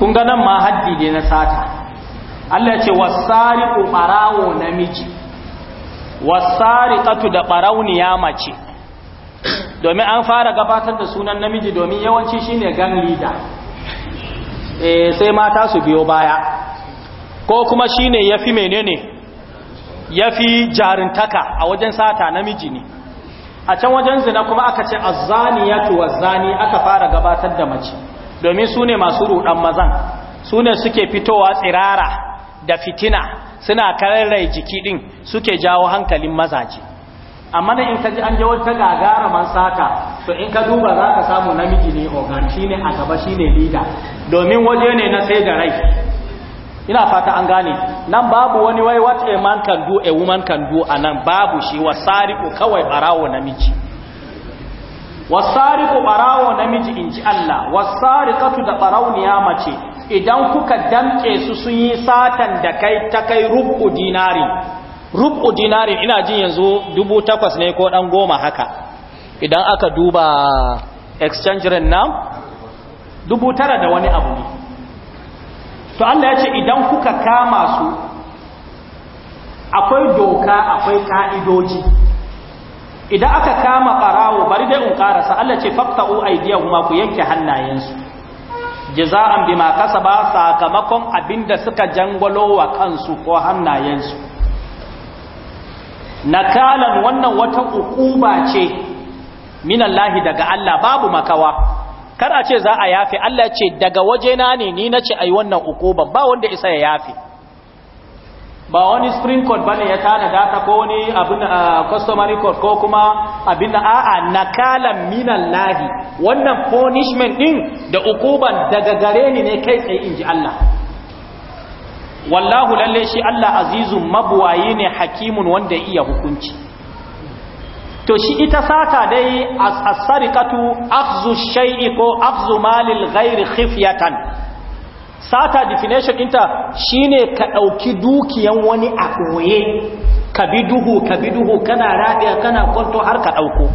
kun ga nan ma haddi ne na sata Allah ce wasariqu barawo namiji wasariqatu da ɓarauniya mace domin an fara gabatar da sunan namiji domin yawanci shine ne leader eh sai mata su biyo baya ko kuma shine yafi menene yafi jarintaka a wajen sata namiji ne a can wajen zina kuma aka ce azzaniyatu zani aka fara gabatar da mace domin su ne masu ruɗan mazan su ne suke fitowa tsirara da fitina suna rai jiki ɗin suke jawo hankalin mazaje amma na in ka ji an ji wata man saka to in ka duba za ka samu namiji ne ogan shi ne a gaba shi ne lida domin waje ne na sai da rai ina fata an gane nan babu wani wai what a man can do a woman can do a nan babu shi wa ko kawai barawo namiji wasariqu barawo namiji in ji Allah wasariqatu da barauniya mace idan kuka damke su sun yi satan da kai ta kai rubu dinari rubu dinari ina jin yanzu 8000 ne ko dan goma haka idan aka duba exchange rate nan 9000 da wani abu to Allah ya ce idan kuka kama su akwai doka akwai ka'idoji idan aka kama barawo bari dai in karasa Allah ce aidiyar kuma ku yanke hannayensu jaza'an bima ba sakamakon abinda suka jangwalo wa kansu ko hannayensu nakalan wannan wata ukuba ce minallahi daga Allah babu makawa kar a ce za a yafe Allah ce daga wajena ne ni nace ai wannan ukuban ba wanda isa ya yafe ba wani spring code bane ya tana data ko wani abin da customary code ko kuma abin da a'a nakalan lahi. wannan punishment din da ukuban daga gare ni ne kai tsaye inji Allah wallahu lalle shi Allah azizun mabuwayi ne hakimun wanda iya hukunci to shi ita sata dai as-sariqatu akhzu shay'i ko akhzu malil ghairi khifyatan sata definition ɗinta shine ka ɗauki dukiyan wani a koye ka bi duhu ka bi duhu kana rabiya kana kwanto har ka ɗauko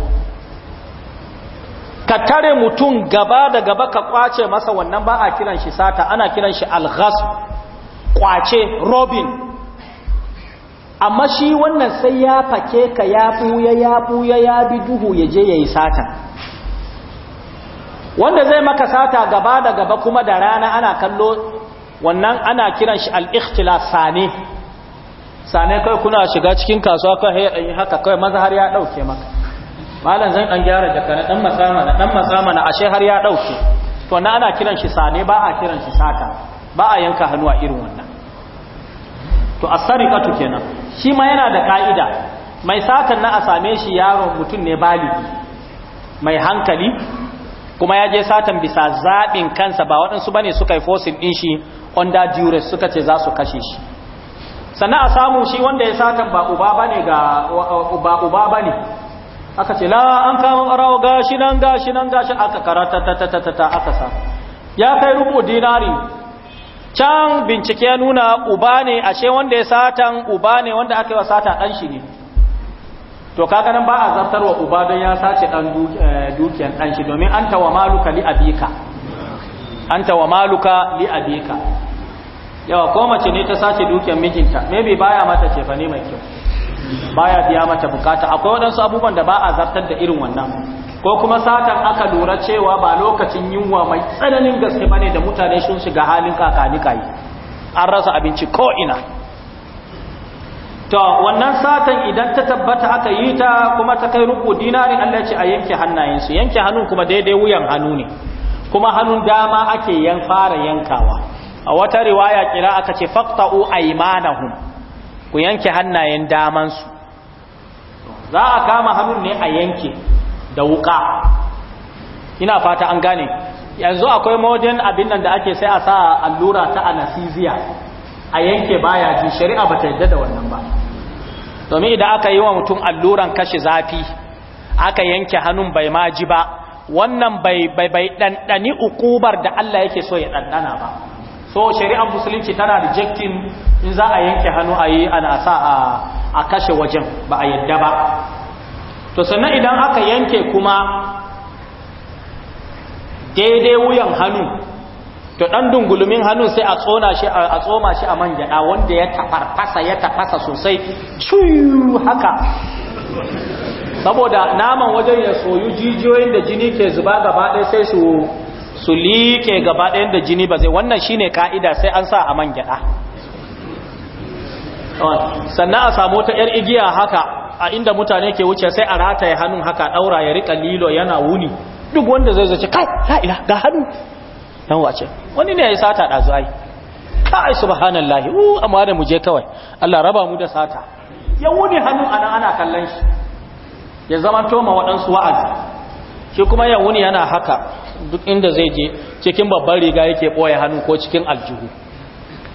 ka tare mutum gaba da gaba ka kwace masa wannan ba a kiran shi sata ana kiran shi alghas kwace robin amma shi wannan sai ya fake ka ya fuya ya fuya ya bi duhu yaje yayi sata wanda zai maka sata gaba da gaba kuma da rana ana kallo wannan ana kiran shi al-ikhtila sane sane kai kuna shiga cikin kasuwa kai yi haka kai maza har ya dauke maka malam zan dan gyara jaka na dan masama na dan masama na ashe har ya dauke to na ana kiran shi sane ba a kiran shi sata ba a yanka hannu a irin wannan to as-sariqatu kenan shi ma yana da ka'ida mai satan na a same shi yaron mutum ne baligi mai hankali kuma ya je satan bisa zaɓin kansa ba waɗansu ba ne suka yi fosil ɗin shi under duress suka ce za su kashe shi sannan a samu shi wanda ya satan ba uba ba ne ga ba uba ba ne aka ce la an kama ɓarawa gashi nan gashi nan gashi aka karata ta ta ta ta aka sa ya kai rubu dinari can bincike ya nuna uba ne ashe wanda ya satan uba ne wanda aka yi wa sata ɗan shi ne to kaga nan ba a zartarwa uba don ya sace dan eh, dukiyar dan shi domin anta wa maluka li abika anta wa maluka li abika yawa ko mace ne ta sace dukiyar mijinta maybe baya mata cefa ne mai kyau baya biya mata bukata akwai wadansu abubuwan da ba a zartar da irin wannan ko kuma satan aka lura cewa ba lokacin yunwa mai tsananin gaske bane da mutane sun shiga halin kakani an rasa abinci ko ina to wannan satan idan ta tabbata aka yi ta kuma ta kai ruku dinari Allah ce a yanke hannayensu yanke hannun kuma daidai wuyan hannu ne kuma hannun dama ake yan fara yankawa a wata riwaya kira aka ce faqta'u aymanahum ku yanke hannayen su za a kama hannun ne a yanke da wuka ina fata an gane yanzu akwai modern abin nan da ake sai a sa allura ta anesthesia a yanke baya ji shari'a bata yadda da wannan ba domin idan aka yi wa mutum alluran kashe zafi aka yanke hannun bai maji ba wannan bai ɗanɗani ukubar da Allah yake so ya ɗanɗana ba so shari'ar musulunci tana rejectin in za a yanke hannu a yi ana sa a kashe wajen ba a yadda ba to sannan idan aka yanke kuma daidai wuyan hannu to dan dungulumin hannun sai a tsona shi a tsoma shi a man gyada wanda ya tafarfasa ya tafasa sosai ciyu haka saboda naman wajen ya soyu jijiyoyin da jini ke zuba gaba ɗaya sai su su liƙe gaba ɗayan da jini ba zai wannan shine ka'ida sai an sa a man sannan a samu ta 'yar igiya haka a inda mutane ke wuce sai a rataye hannun haka ɗaura ya riƙa lilo yana wuni duk wanda zai zace kai ga hannu dan wace wani ne ya sata ɗazu ai ai subhanallahi u amma da mu je kawai Allah raba mu da sata ya wuni hannu ana ana kallon shi ya zama toma waɗansu wa'azi shi kuma ya wuni yana haka duk inda zai je cikin babban riga yake boye hannu ko cikin aljihu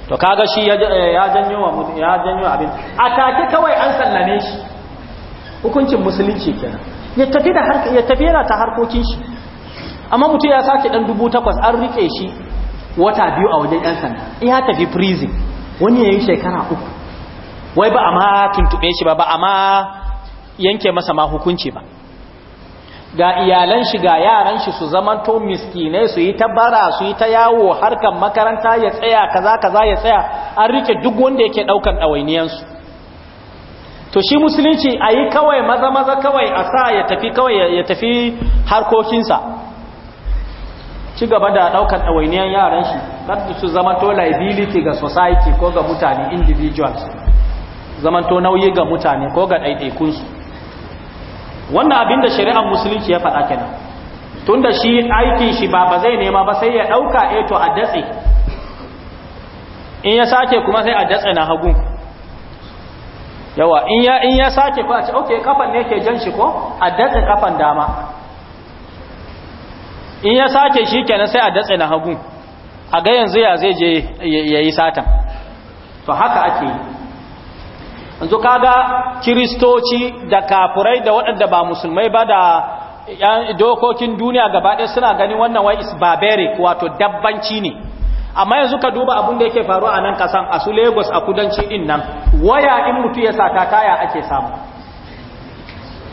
to kaga shi ya janyo wa ya janyo abin take kawai an sallame shi hukuncin musulunci kenan ya tafi da harka ya tafi yana ta harkokin shi amma mutum ya sake dan dubu takwas an rike shi wata biyu a wajen 'yan sanda ya tafi prison wani yayin shekara uku wai ba a ma tuntube shi ba ba a ma yanke masa ma hukunci ba ga iyalan shi ga yaran shi su zamanto miskinai su yi tabbara su yi ta yawo harkar makaranta ya tsaya kaza kaza ya tsaya an rike duk wanda yake ɗaukan ɗawainiyansu to shi musulunci a yi kawai maza maza kawai a sa ya tafi kawai ya tafi harkokinsa ci gaba da daukar ɗawainiyar yaran shi kada su zamanto liability ga society ko ga mutane individuals zamanto nauyi ga mutane ko ga ɗaiɗaikunsu wannan abin da shari'ar musulunci ya faɗa kenan tun da shi aikin shi ba ba zai nema ba sai ya ɗauka eto eh, a datse in ya sake kuma sai a datse na hagun yawa in ya sake ko a ce ok kafan ne ke jan shi ko a datse kafan dama in ya sake shi kenan sai a datse na hagu a ga yanzu ya zai je ya yi satan to haka ake yi yanzu kaga kiristoci da kafurai da waɗanda ba musulmai ba da dokokin duniya gabaɗaya suna ganin wannan wai is barbaric wato dabbanci ne amma yanzu ka duba abin da yake faru a nan kasan a su lagos a kudanci din nan waya in mutu ya sata taya ake samu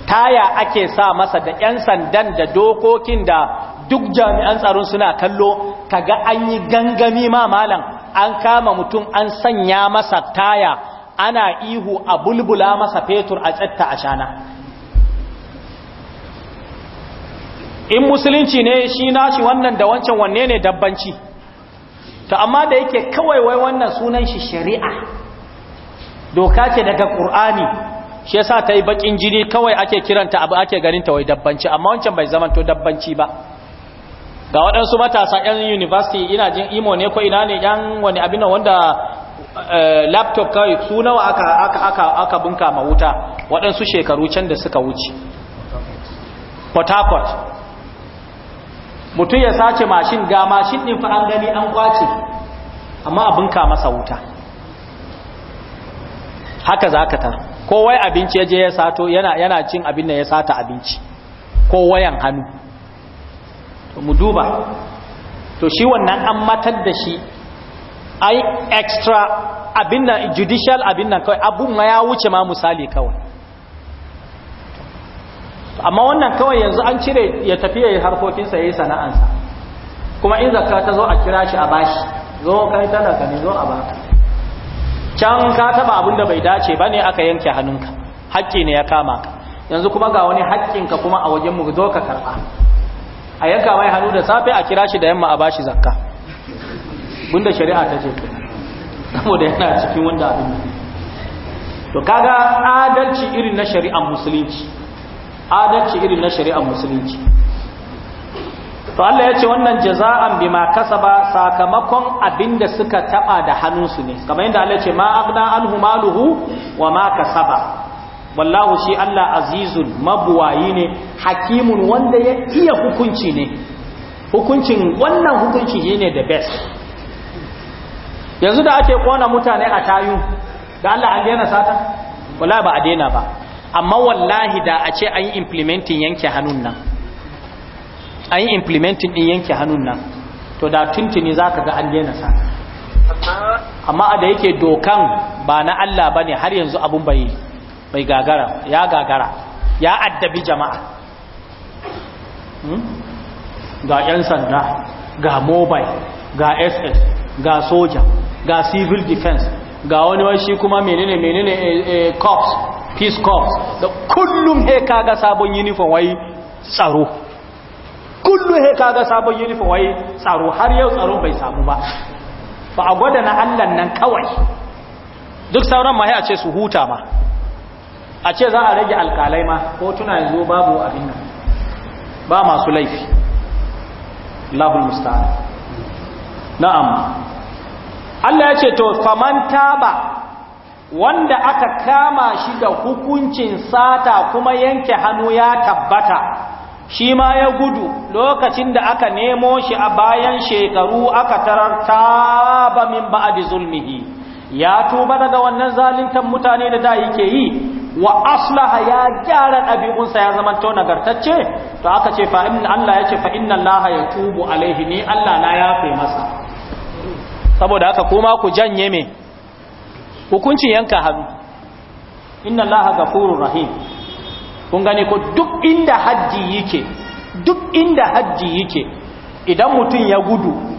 taya ake sa masa da 'yan sandan da dokokin da duk jami'an tsaron suna kallo kaga an yi gangami ma malam an kama mutum an sanya masa taya ana ihu a bulbula masa fetur a tsatta a shana in musulunci ne shi nashi wannan da wancan wanne ne dabbanci to amma da yake kawai wai wannan sunan shi shari'a doka ce daga ƙur'ani shi yasa ta yi baƙin jini kawai ake kiranta abu ake ganin ta wai dabbanci amma wancan bai zamanto dabbanci ba ga waɗansu matasa 'yan university ina jin imo ne ko ina ne 'yan wani abin wanda eh, laptop kawai su nawa aka aka bunka ma wuta waɗansu shekaru can da suka wuce port harcourt mutum ya sace mashin ga mashin ɗin fa an gani an kwace amma a bunka masa wuta haka za ka tara kowai abinci ya je ya sato yana cin abin da ya sata abinci ko wayan hannu mu duba to shi wannan an matar da shi ai extra abin judicial abin kawai abun ma ya wuce ma misali kawai amma wannan kawai yanzu an cire ya tafi ya yi harkokinsa ya yi sana'ansa kuma in zakka ta zo a kira shi a bashi zo kai tana ka ne zo a baka can ka taba abin da bai dace ba ne aka yanke hannunka haƙƙi ne ya kama yanzu kuma ga wani haƙƙinka kuma a wajen mu zo ka karɓa a yanka mai hannu da safe a kira shi da yamma a bashi zakka bunda shari'a ta ce saboda yana cikin wanda abin to kaga adalci irin na shari'ar musulunci adalci irin na shari'ar musulunci to Allah ya ce wannan jaza'an bima kasaba sakamakon abinda suka taba da hannunsu ne kamar yadda Allah ya ce ma alhu anhu maluhu wa ma kasaba wallahu shi Allah azizun mabuwayi ne hakimun wanda ya iya hukunci ne hukuncin wannan hukunci shine the best yanzu da ake kona mutane a tayu da Allah an daina sata wallahi ba a daina ba amma wallahi da a ce an yi implementing yanke hannun nan an yi implementing din yanke hannun nan to da tuntuni za ka ga an daina sata amma da yake dokan ba na Allah bane har yanzu abun bai Mai gagara ya gagara ya addabi jama'a hmm? ga 'yan sanda ga mobile ga ss ga soja ga civil defense ga wani wani shi kuma menene menene eh, eh, cops peace cops da kullum he kaga sabon uniform wai tsaro kullum he kaga sabon uniform wai tsaro har yau tsaro bai samu ba ba a gwada na allan nan kawai duk sauran ma ya ce su huta ba. a ce za a rage alkalai ma ko tuna yanzu babu abin nan ba masu laifi lahul musta'an na'am Allah ya ce to faman taba wanda aka kama shi da hukuncin sata kuma yanke hannu ya tabbata shi ma ya gudu lokacin da aka nemo shi a bayan shekaru aka tarar taba min ba'di zulmihi ya tuba daga wannan zalintan mutane da da yake yi wa aslaha ya gyara ɗabi'unsa ya zama to nagartacce to aka ce fa inna Allah ya ce fa inna Allah ya tubu alaihi ni Allah na yafe masa saboda haka kuma ku janye me hukuncin yanka hannu inna Allah gafurur rahim kun gane ko duk inda haji yake duk inda haji yake idan mutum ya gudu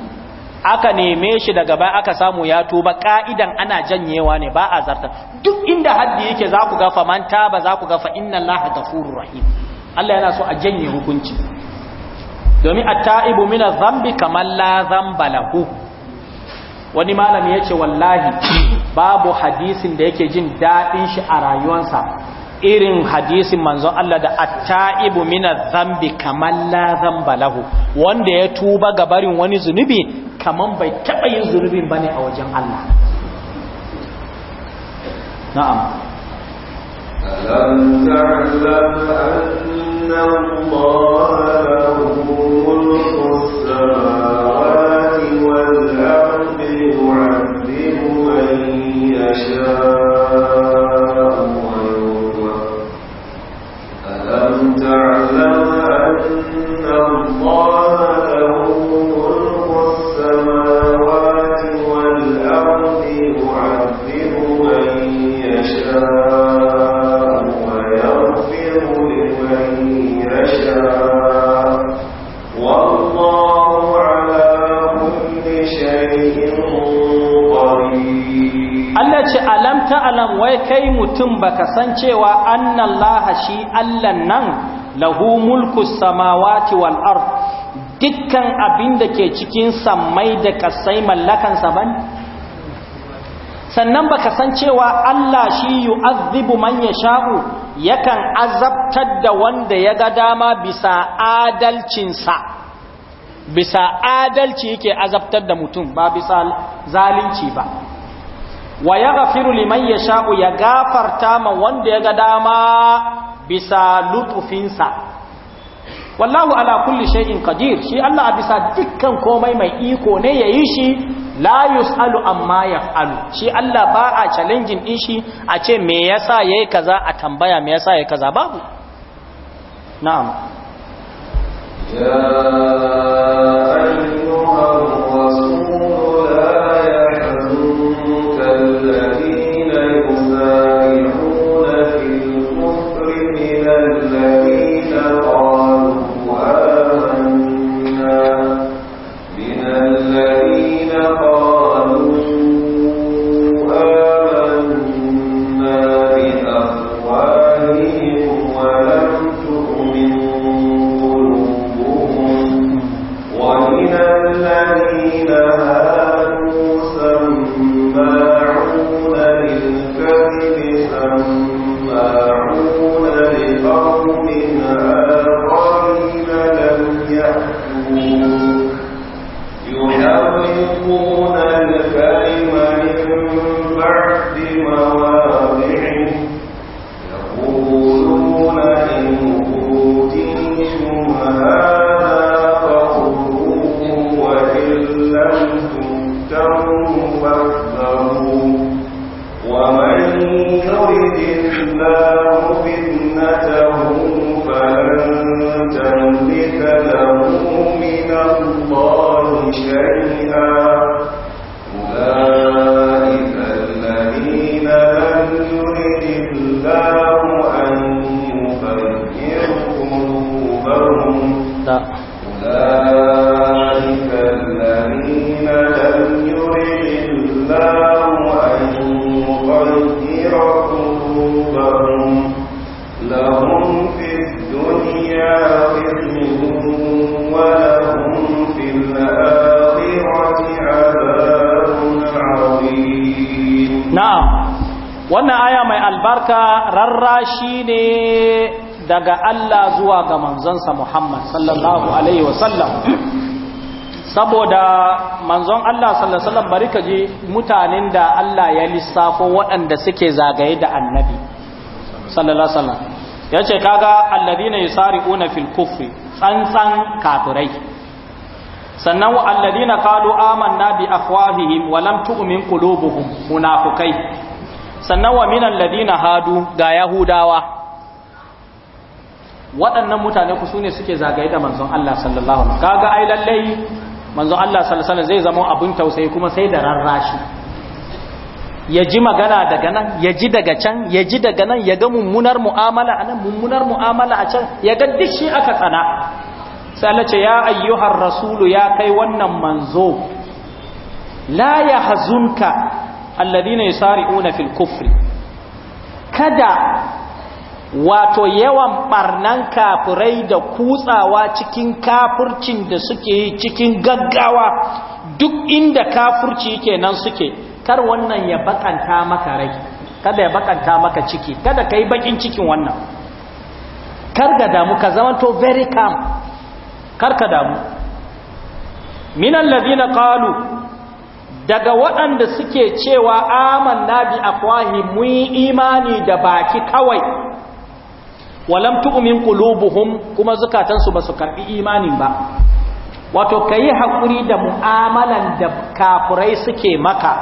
aka neme shi daga baya aka samu ya tuba ka'idan ana janyewa ne ba a zarta duk inda haddi yake za ku gafa man ba za ku gafa inna allaha ghafurur rahim Allah yana so a janye hukunci domin at-ta'ibu min adh-dhanbi kamal la dhanba lahu wani malami ce wallahi babu hadisin da yake jin daɗin shi a rayuwarsa irin hadisin manzon Allah da atta'ibu minaz zambi kamar la zamba lahu wanda ya tuba ga barin wani zunubi kaman bai taɓa yin zunubin ba ne a wajen Allah na'am ألم تعلم أن الله له السماوات يعذب من يشاء ألم تعلم أن الله alam ta'alam wai kai mutum ba baka san cewa annan shi allan nan lahu mulku samawati wal ard dukkan abin da ke cikin sammai da kasai mallakansa ban sannan baka san cewa Allah shi yu'azzibu manya sha'u, yakan azabtar da wanda ya ga dama bisa adalcinsa bisa adalci yake azabtar da mutum ba bisa zalunci ba wa gafiru liman sha'u ya gafarta ma wanda ya ga dama bisa lutufinsa wallahu ala kulli shay'in qadir shi Allah a bisa dukkan komai mai iko ne yayi shi la yusalu amma yaf'alu shi Allah ba a challenging din shi a ce me yasa yayi kaza a tambaya me yasa yayi kaza babu na'am manzonsa Muhammad sallallahu alaihi wasallam saboda manzon Allah sallallahu alaihi wasallam bari ka ji mutanen da Allah ya lissafo waɗanda suke zagaye da annabi sallallahu alaihi wasallam yace kaga alladina yusari'una fil kufri tsantsan kafirai sannan wa alladina qalu amanna bi afwahihim wa lam tu'min qulubuhum munafikai sannan wa min alladina hadu ga yahudawa waɗannan mutane ku sune suke zagaye da manzon Allah sallallahu alaihi wasallam kaga ai lallai manzon Allah sallallahu alaihi wasallam zai zama abin tausayi kuma sai da rarrashi ya ji magana daga nan ya ji daga can ya ji daga nan ya ga mummunar mu'amala a nan mummunar mu'amala a can ya ga duk shi aka tsana sai Allah ce ya ayyuhar rasulu ya kai wannan manzo la yahzunka alladhina yusari'una fil kufri kada wato yawan barnan kafirai da kutsawa cikin kafurcin da suke yi cikin gaggawa duk inda kafurci yake nan suke kar wannan ya bakanta maka rai kada ya bakanta maka ciki kada ka yi bakin cikin wannan kar ka damu ka zamanto very calm kar ka damu minan ladina qalu daga waɗanda suke cewa amanna bi afwahi mu imani da baki kawai walam tu'min qulubuhum kuma zukatansu basu karɓi karbi imanin ba wato kayi hakuri da mu'amalan da kafurai suke maka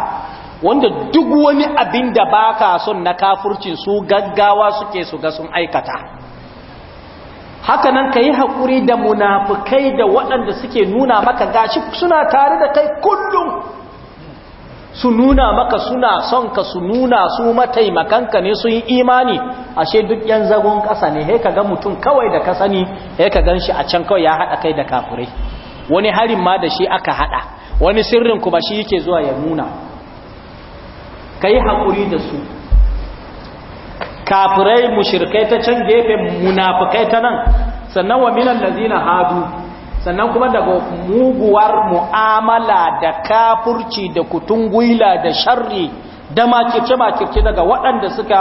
wanda duk wani abin da baka son na kafurcin su gaggawa suke su ga sun aikata hakanan ka yi haƙuri da munafukai da waɗanda suke nuna maka gashi suna tare da kai kullum su nuna maka suna son ka su nuna su mataimakanka ne su yi imani ashe duk yan zagon ƙasa ne he ga mutum kawai da ka sani he ka gan shi a can kawai ya haɗa kai da kafurai wani harin ma da shi aka haɗa wani sirrin kuma shi yake zuwa ya nuna ka yi haƙuri da su kafurai mushirkai ta can gefe munafukai ta nan sannan wa minan lazina hadu sannan kuma daga muguwar mu'amala da kafurci da kutungwila da sharri da makirce-makirce daga waɗanda suka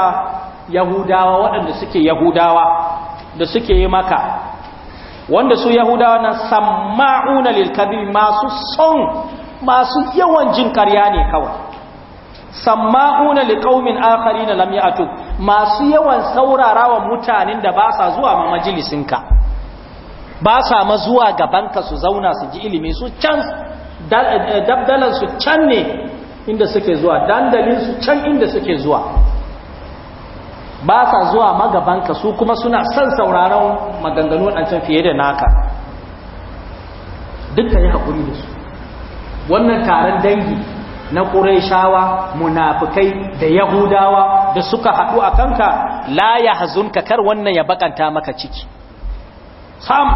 yahudawa waɗanda suke yahudawa da suke yi maka wanda su yahudawa na samma'una lilkabi masu son masu yawan jin karya ne kawai samma'una liƙaumin akari na lamya masu yawan saurara wa mutanen da ba sa zuwa ma majalisinka ba sa ma zuwa gabanka su zauna su ji ilimi su can eh, dabdalan can ne inda suke zuwa Dandalinsu can inda suke zuwa ba sa zuwa magabanka su kuma suna son sauraron maganganu waɗancan fiye da naka duka yi haƙuri da su wannan taron dangi na ƙuraishawa munafukai da yahudawa da suka haɗu a kanka la ya hazunka kar wannan ya bakanta maka ciki sam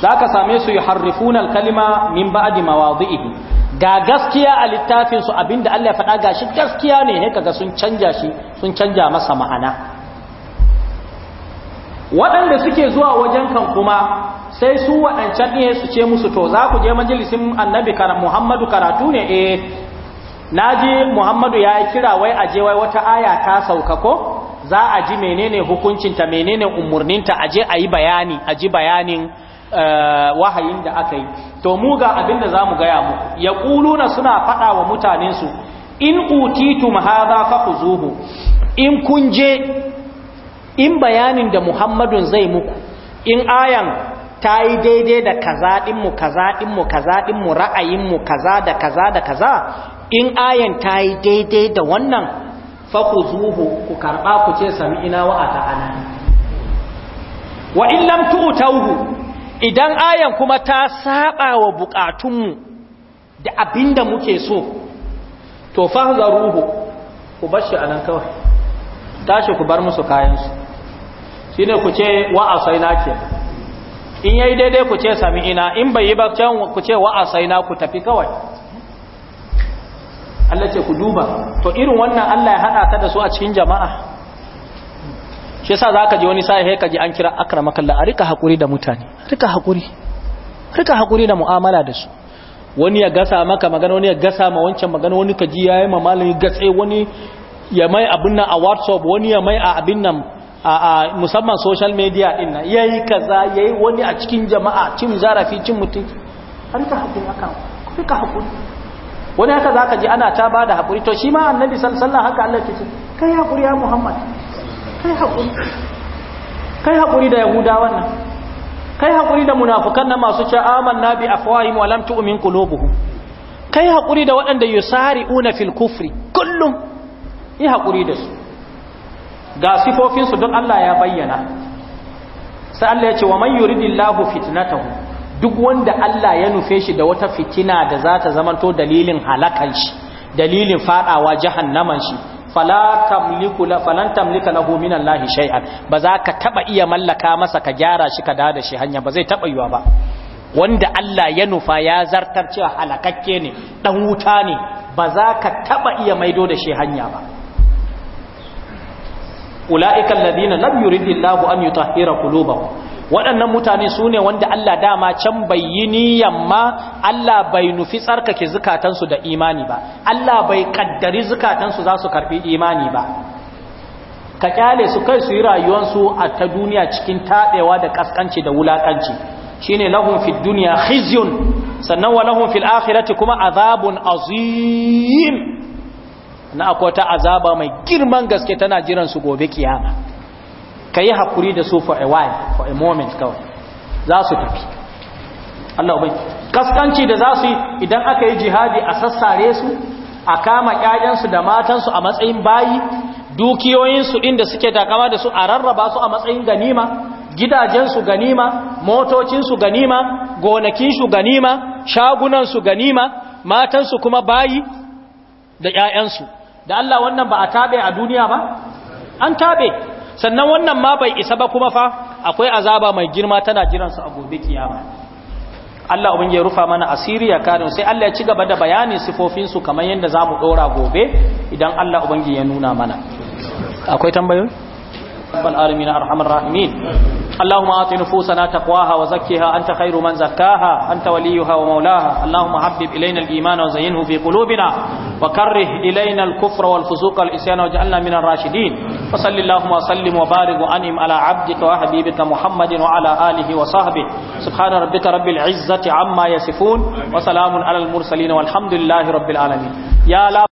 za ka same su yi harrifunan kalima min ba'adi mawazi'ihi ga gaskiya a littafinsu su abinda Allah ya faɗa ga shi gaskiya ne he kaga sun canja shi sun canja masa ma'ana waɗanda suke zuwa wajen kan kuma sai su waɗancan ne su ce musu to za ku je majalisin annabi muhammadu karatu ne eh na ji muhammadu ya yi kira wai aje wai wata aya ta sauka ko za a ji menene hukuncinta menene umarninta a je a yi bayani a ji bayanin eh, wahayin da aka yi to mu ga abin da za mu gaya muku ya suna faɗa wa mutanensu in utitum hadha zuhu. in kun in bayanin da muhammadun zai muku in ayan ta yi daidai da kaza ɗinmu kaza ɗinmu kaza ɗinmu ra'ayinmu kaza da kaza da kaza in ayan ta yi daidai da wannan fakuzuhu ku karɓa ku ce sami ina wa ta'ala wa in lam tu'tauhu idan ayan kuma ta saba wa bukatunmu da abinda muke so to fahzaruhu ku bar shi anan kawai tashi ku bar musu kayan su shine ku ce wa asaina ke in yayi daidai ku ce sami ina in bai yi ba can ku ce wa asaina ku tafi kawai Allah ce ku duba to irin wannan Allah ya hada ta da su a cikin jama'a shi yasa zaka ji wani sai ka ji an kira akramaka Allah a rika hakuri da mutane rika hakuri rika hakuri da mu'amala da su wani ya gasa maka magana wani ya gasa ma wancan magana wani ka ji yayi ma malami gatse wani ya mai abin nan a WhatsApp wani ya mai a abin nan a a musamman social media din nan yayi kaza yayi wani a cikin jama'a cin zarafi cin mutunci rika hakuri akan rika hakuri wani haka zaka ji ana ta bada hakuri to shi ma annabi sallallahu haka Allah ce kai hakuri ya Muhammad kai haƙuri. kai haƙuri da Yahuda wannan? kai haƙuri da munafukan nan masu ce Aman, Nabi, afwahim wa lam tu'min qulubuhum kai haƙuri da waɗanda yusari'una fil kufri kullum yi haƙuri da su ga sifofin su don Allah ya bayyana sai Allah ya ce wa man yuridillahu fitnatahu duk wanda Allah ya nufe shi da wata fitina da za ta zamanto dalilin halakan shi dalilin fadawa jahannaman shi fala tamliku la falan tamlika lahu min Allah shay'an ba za ka taba iya mallaka masa ka gyara shi ka dada shi hanya ba zai taba yiwa ba wanda Allah ya nufa ya zartar cewa halakakke ne dan wuta ne ba za ka taba iya maido da shi hanya ba ulaika alladhina lam yuridillahu an yutahhira qulubahum waɗannan mutane su ne wanda Allah dama can bai yi niyan ma Allah bai nufi tsarkake zukatansu da imani ba Allah bai kaddari zukatansu za su karɓi imani ba ka kyale su kai su yi rayuwansu a ta duniya cikin taɓewa da ƙasƙanci da wulaƙanci shi ne lahun fi duniya khizyun sannan wa lahun fil akhirati kuma azabun azim na akwai ta azaba mai girman gaske tana jiran su gobe kiyama ka yi haƙuri da su for a while for a moment kawai za su tafi Allah ubai kaskanci da za su yi idan aka yi jihadi a sassare su a kama 'ya'yansu da matansu a matsayin bayi dukiyoyinsu inda suke takama da su a rarraba su a matsayin ganima gidajensu ganima motocinsu ganima gonakinsu ganima shagunansu ganima matansu kuma bayi da ƴaƴansu da Allah wannan ba a tabe a duniya ba an tabe sannan wannan ma bai isa ba kuma fa akwai azaba mai girma tana jiransu a gobe kiyama Allah ubin ya rufa mana asiri ya kare sai Allah ya ci gaba da bayanin sifofin su kamar yadda za mu ɗora gobe idan Allah ubin ya nuna mana akwai tambayoyi رب العالمين أرحم الراحمين اللهم آت نفوسنا تقواها وزكها أنت خير من زكاها أنت وليها ومولاها اللهم حبب إلينا الإيمان وزينه في قلوبنا وكره إلينا الكفر والفسوق والعصيان وجعلنا من الراشدين وصل اللهم وسلم وبارك وأنم على عبدك وحبيبك محمد وعلى آله وصحبه سبحان ربك رب العزة عما يصفون وسلام على المرسلين والحمد لله رب العالمين يا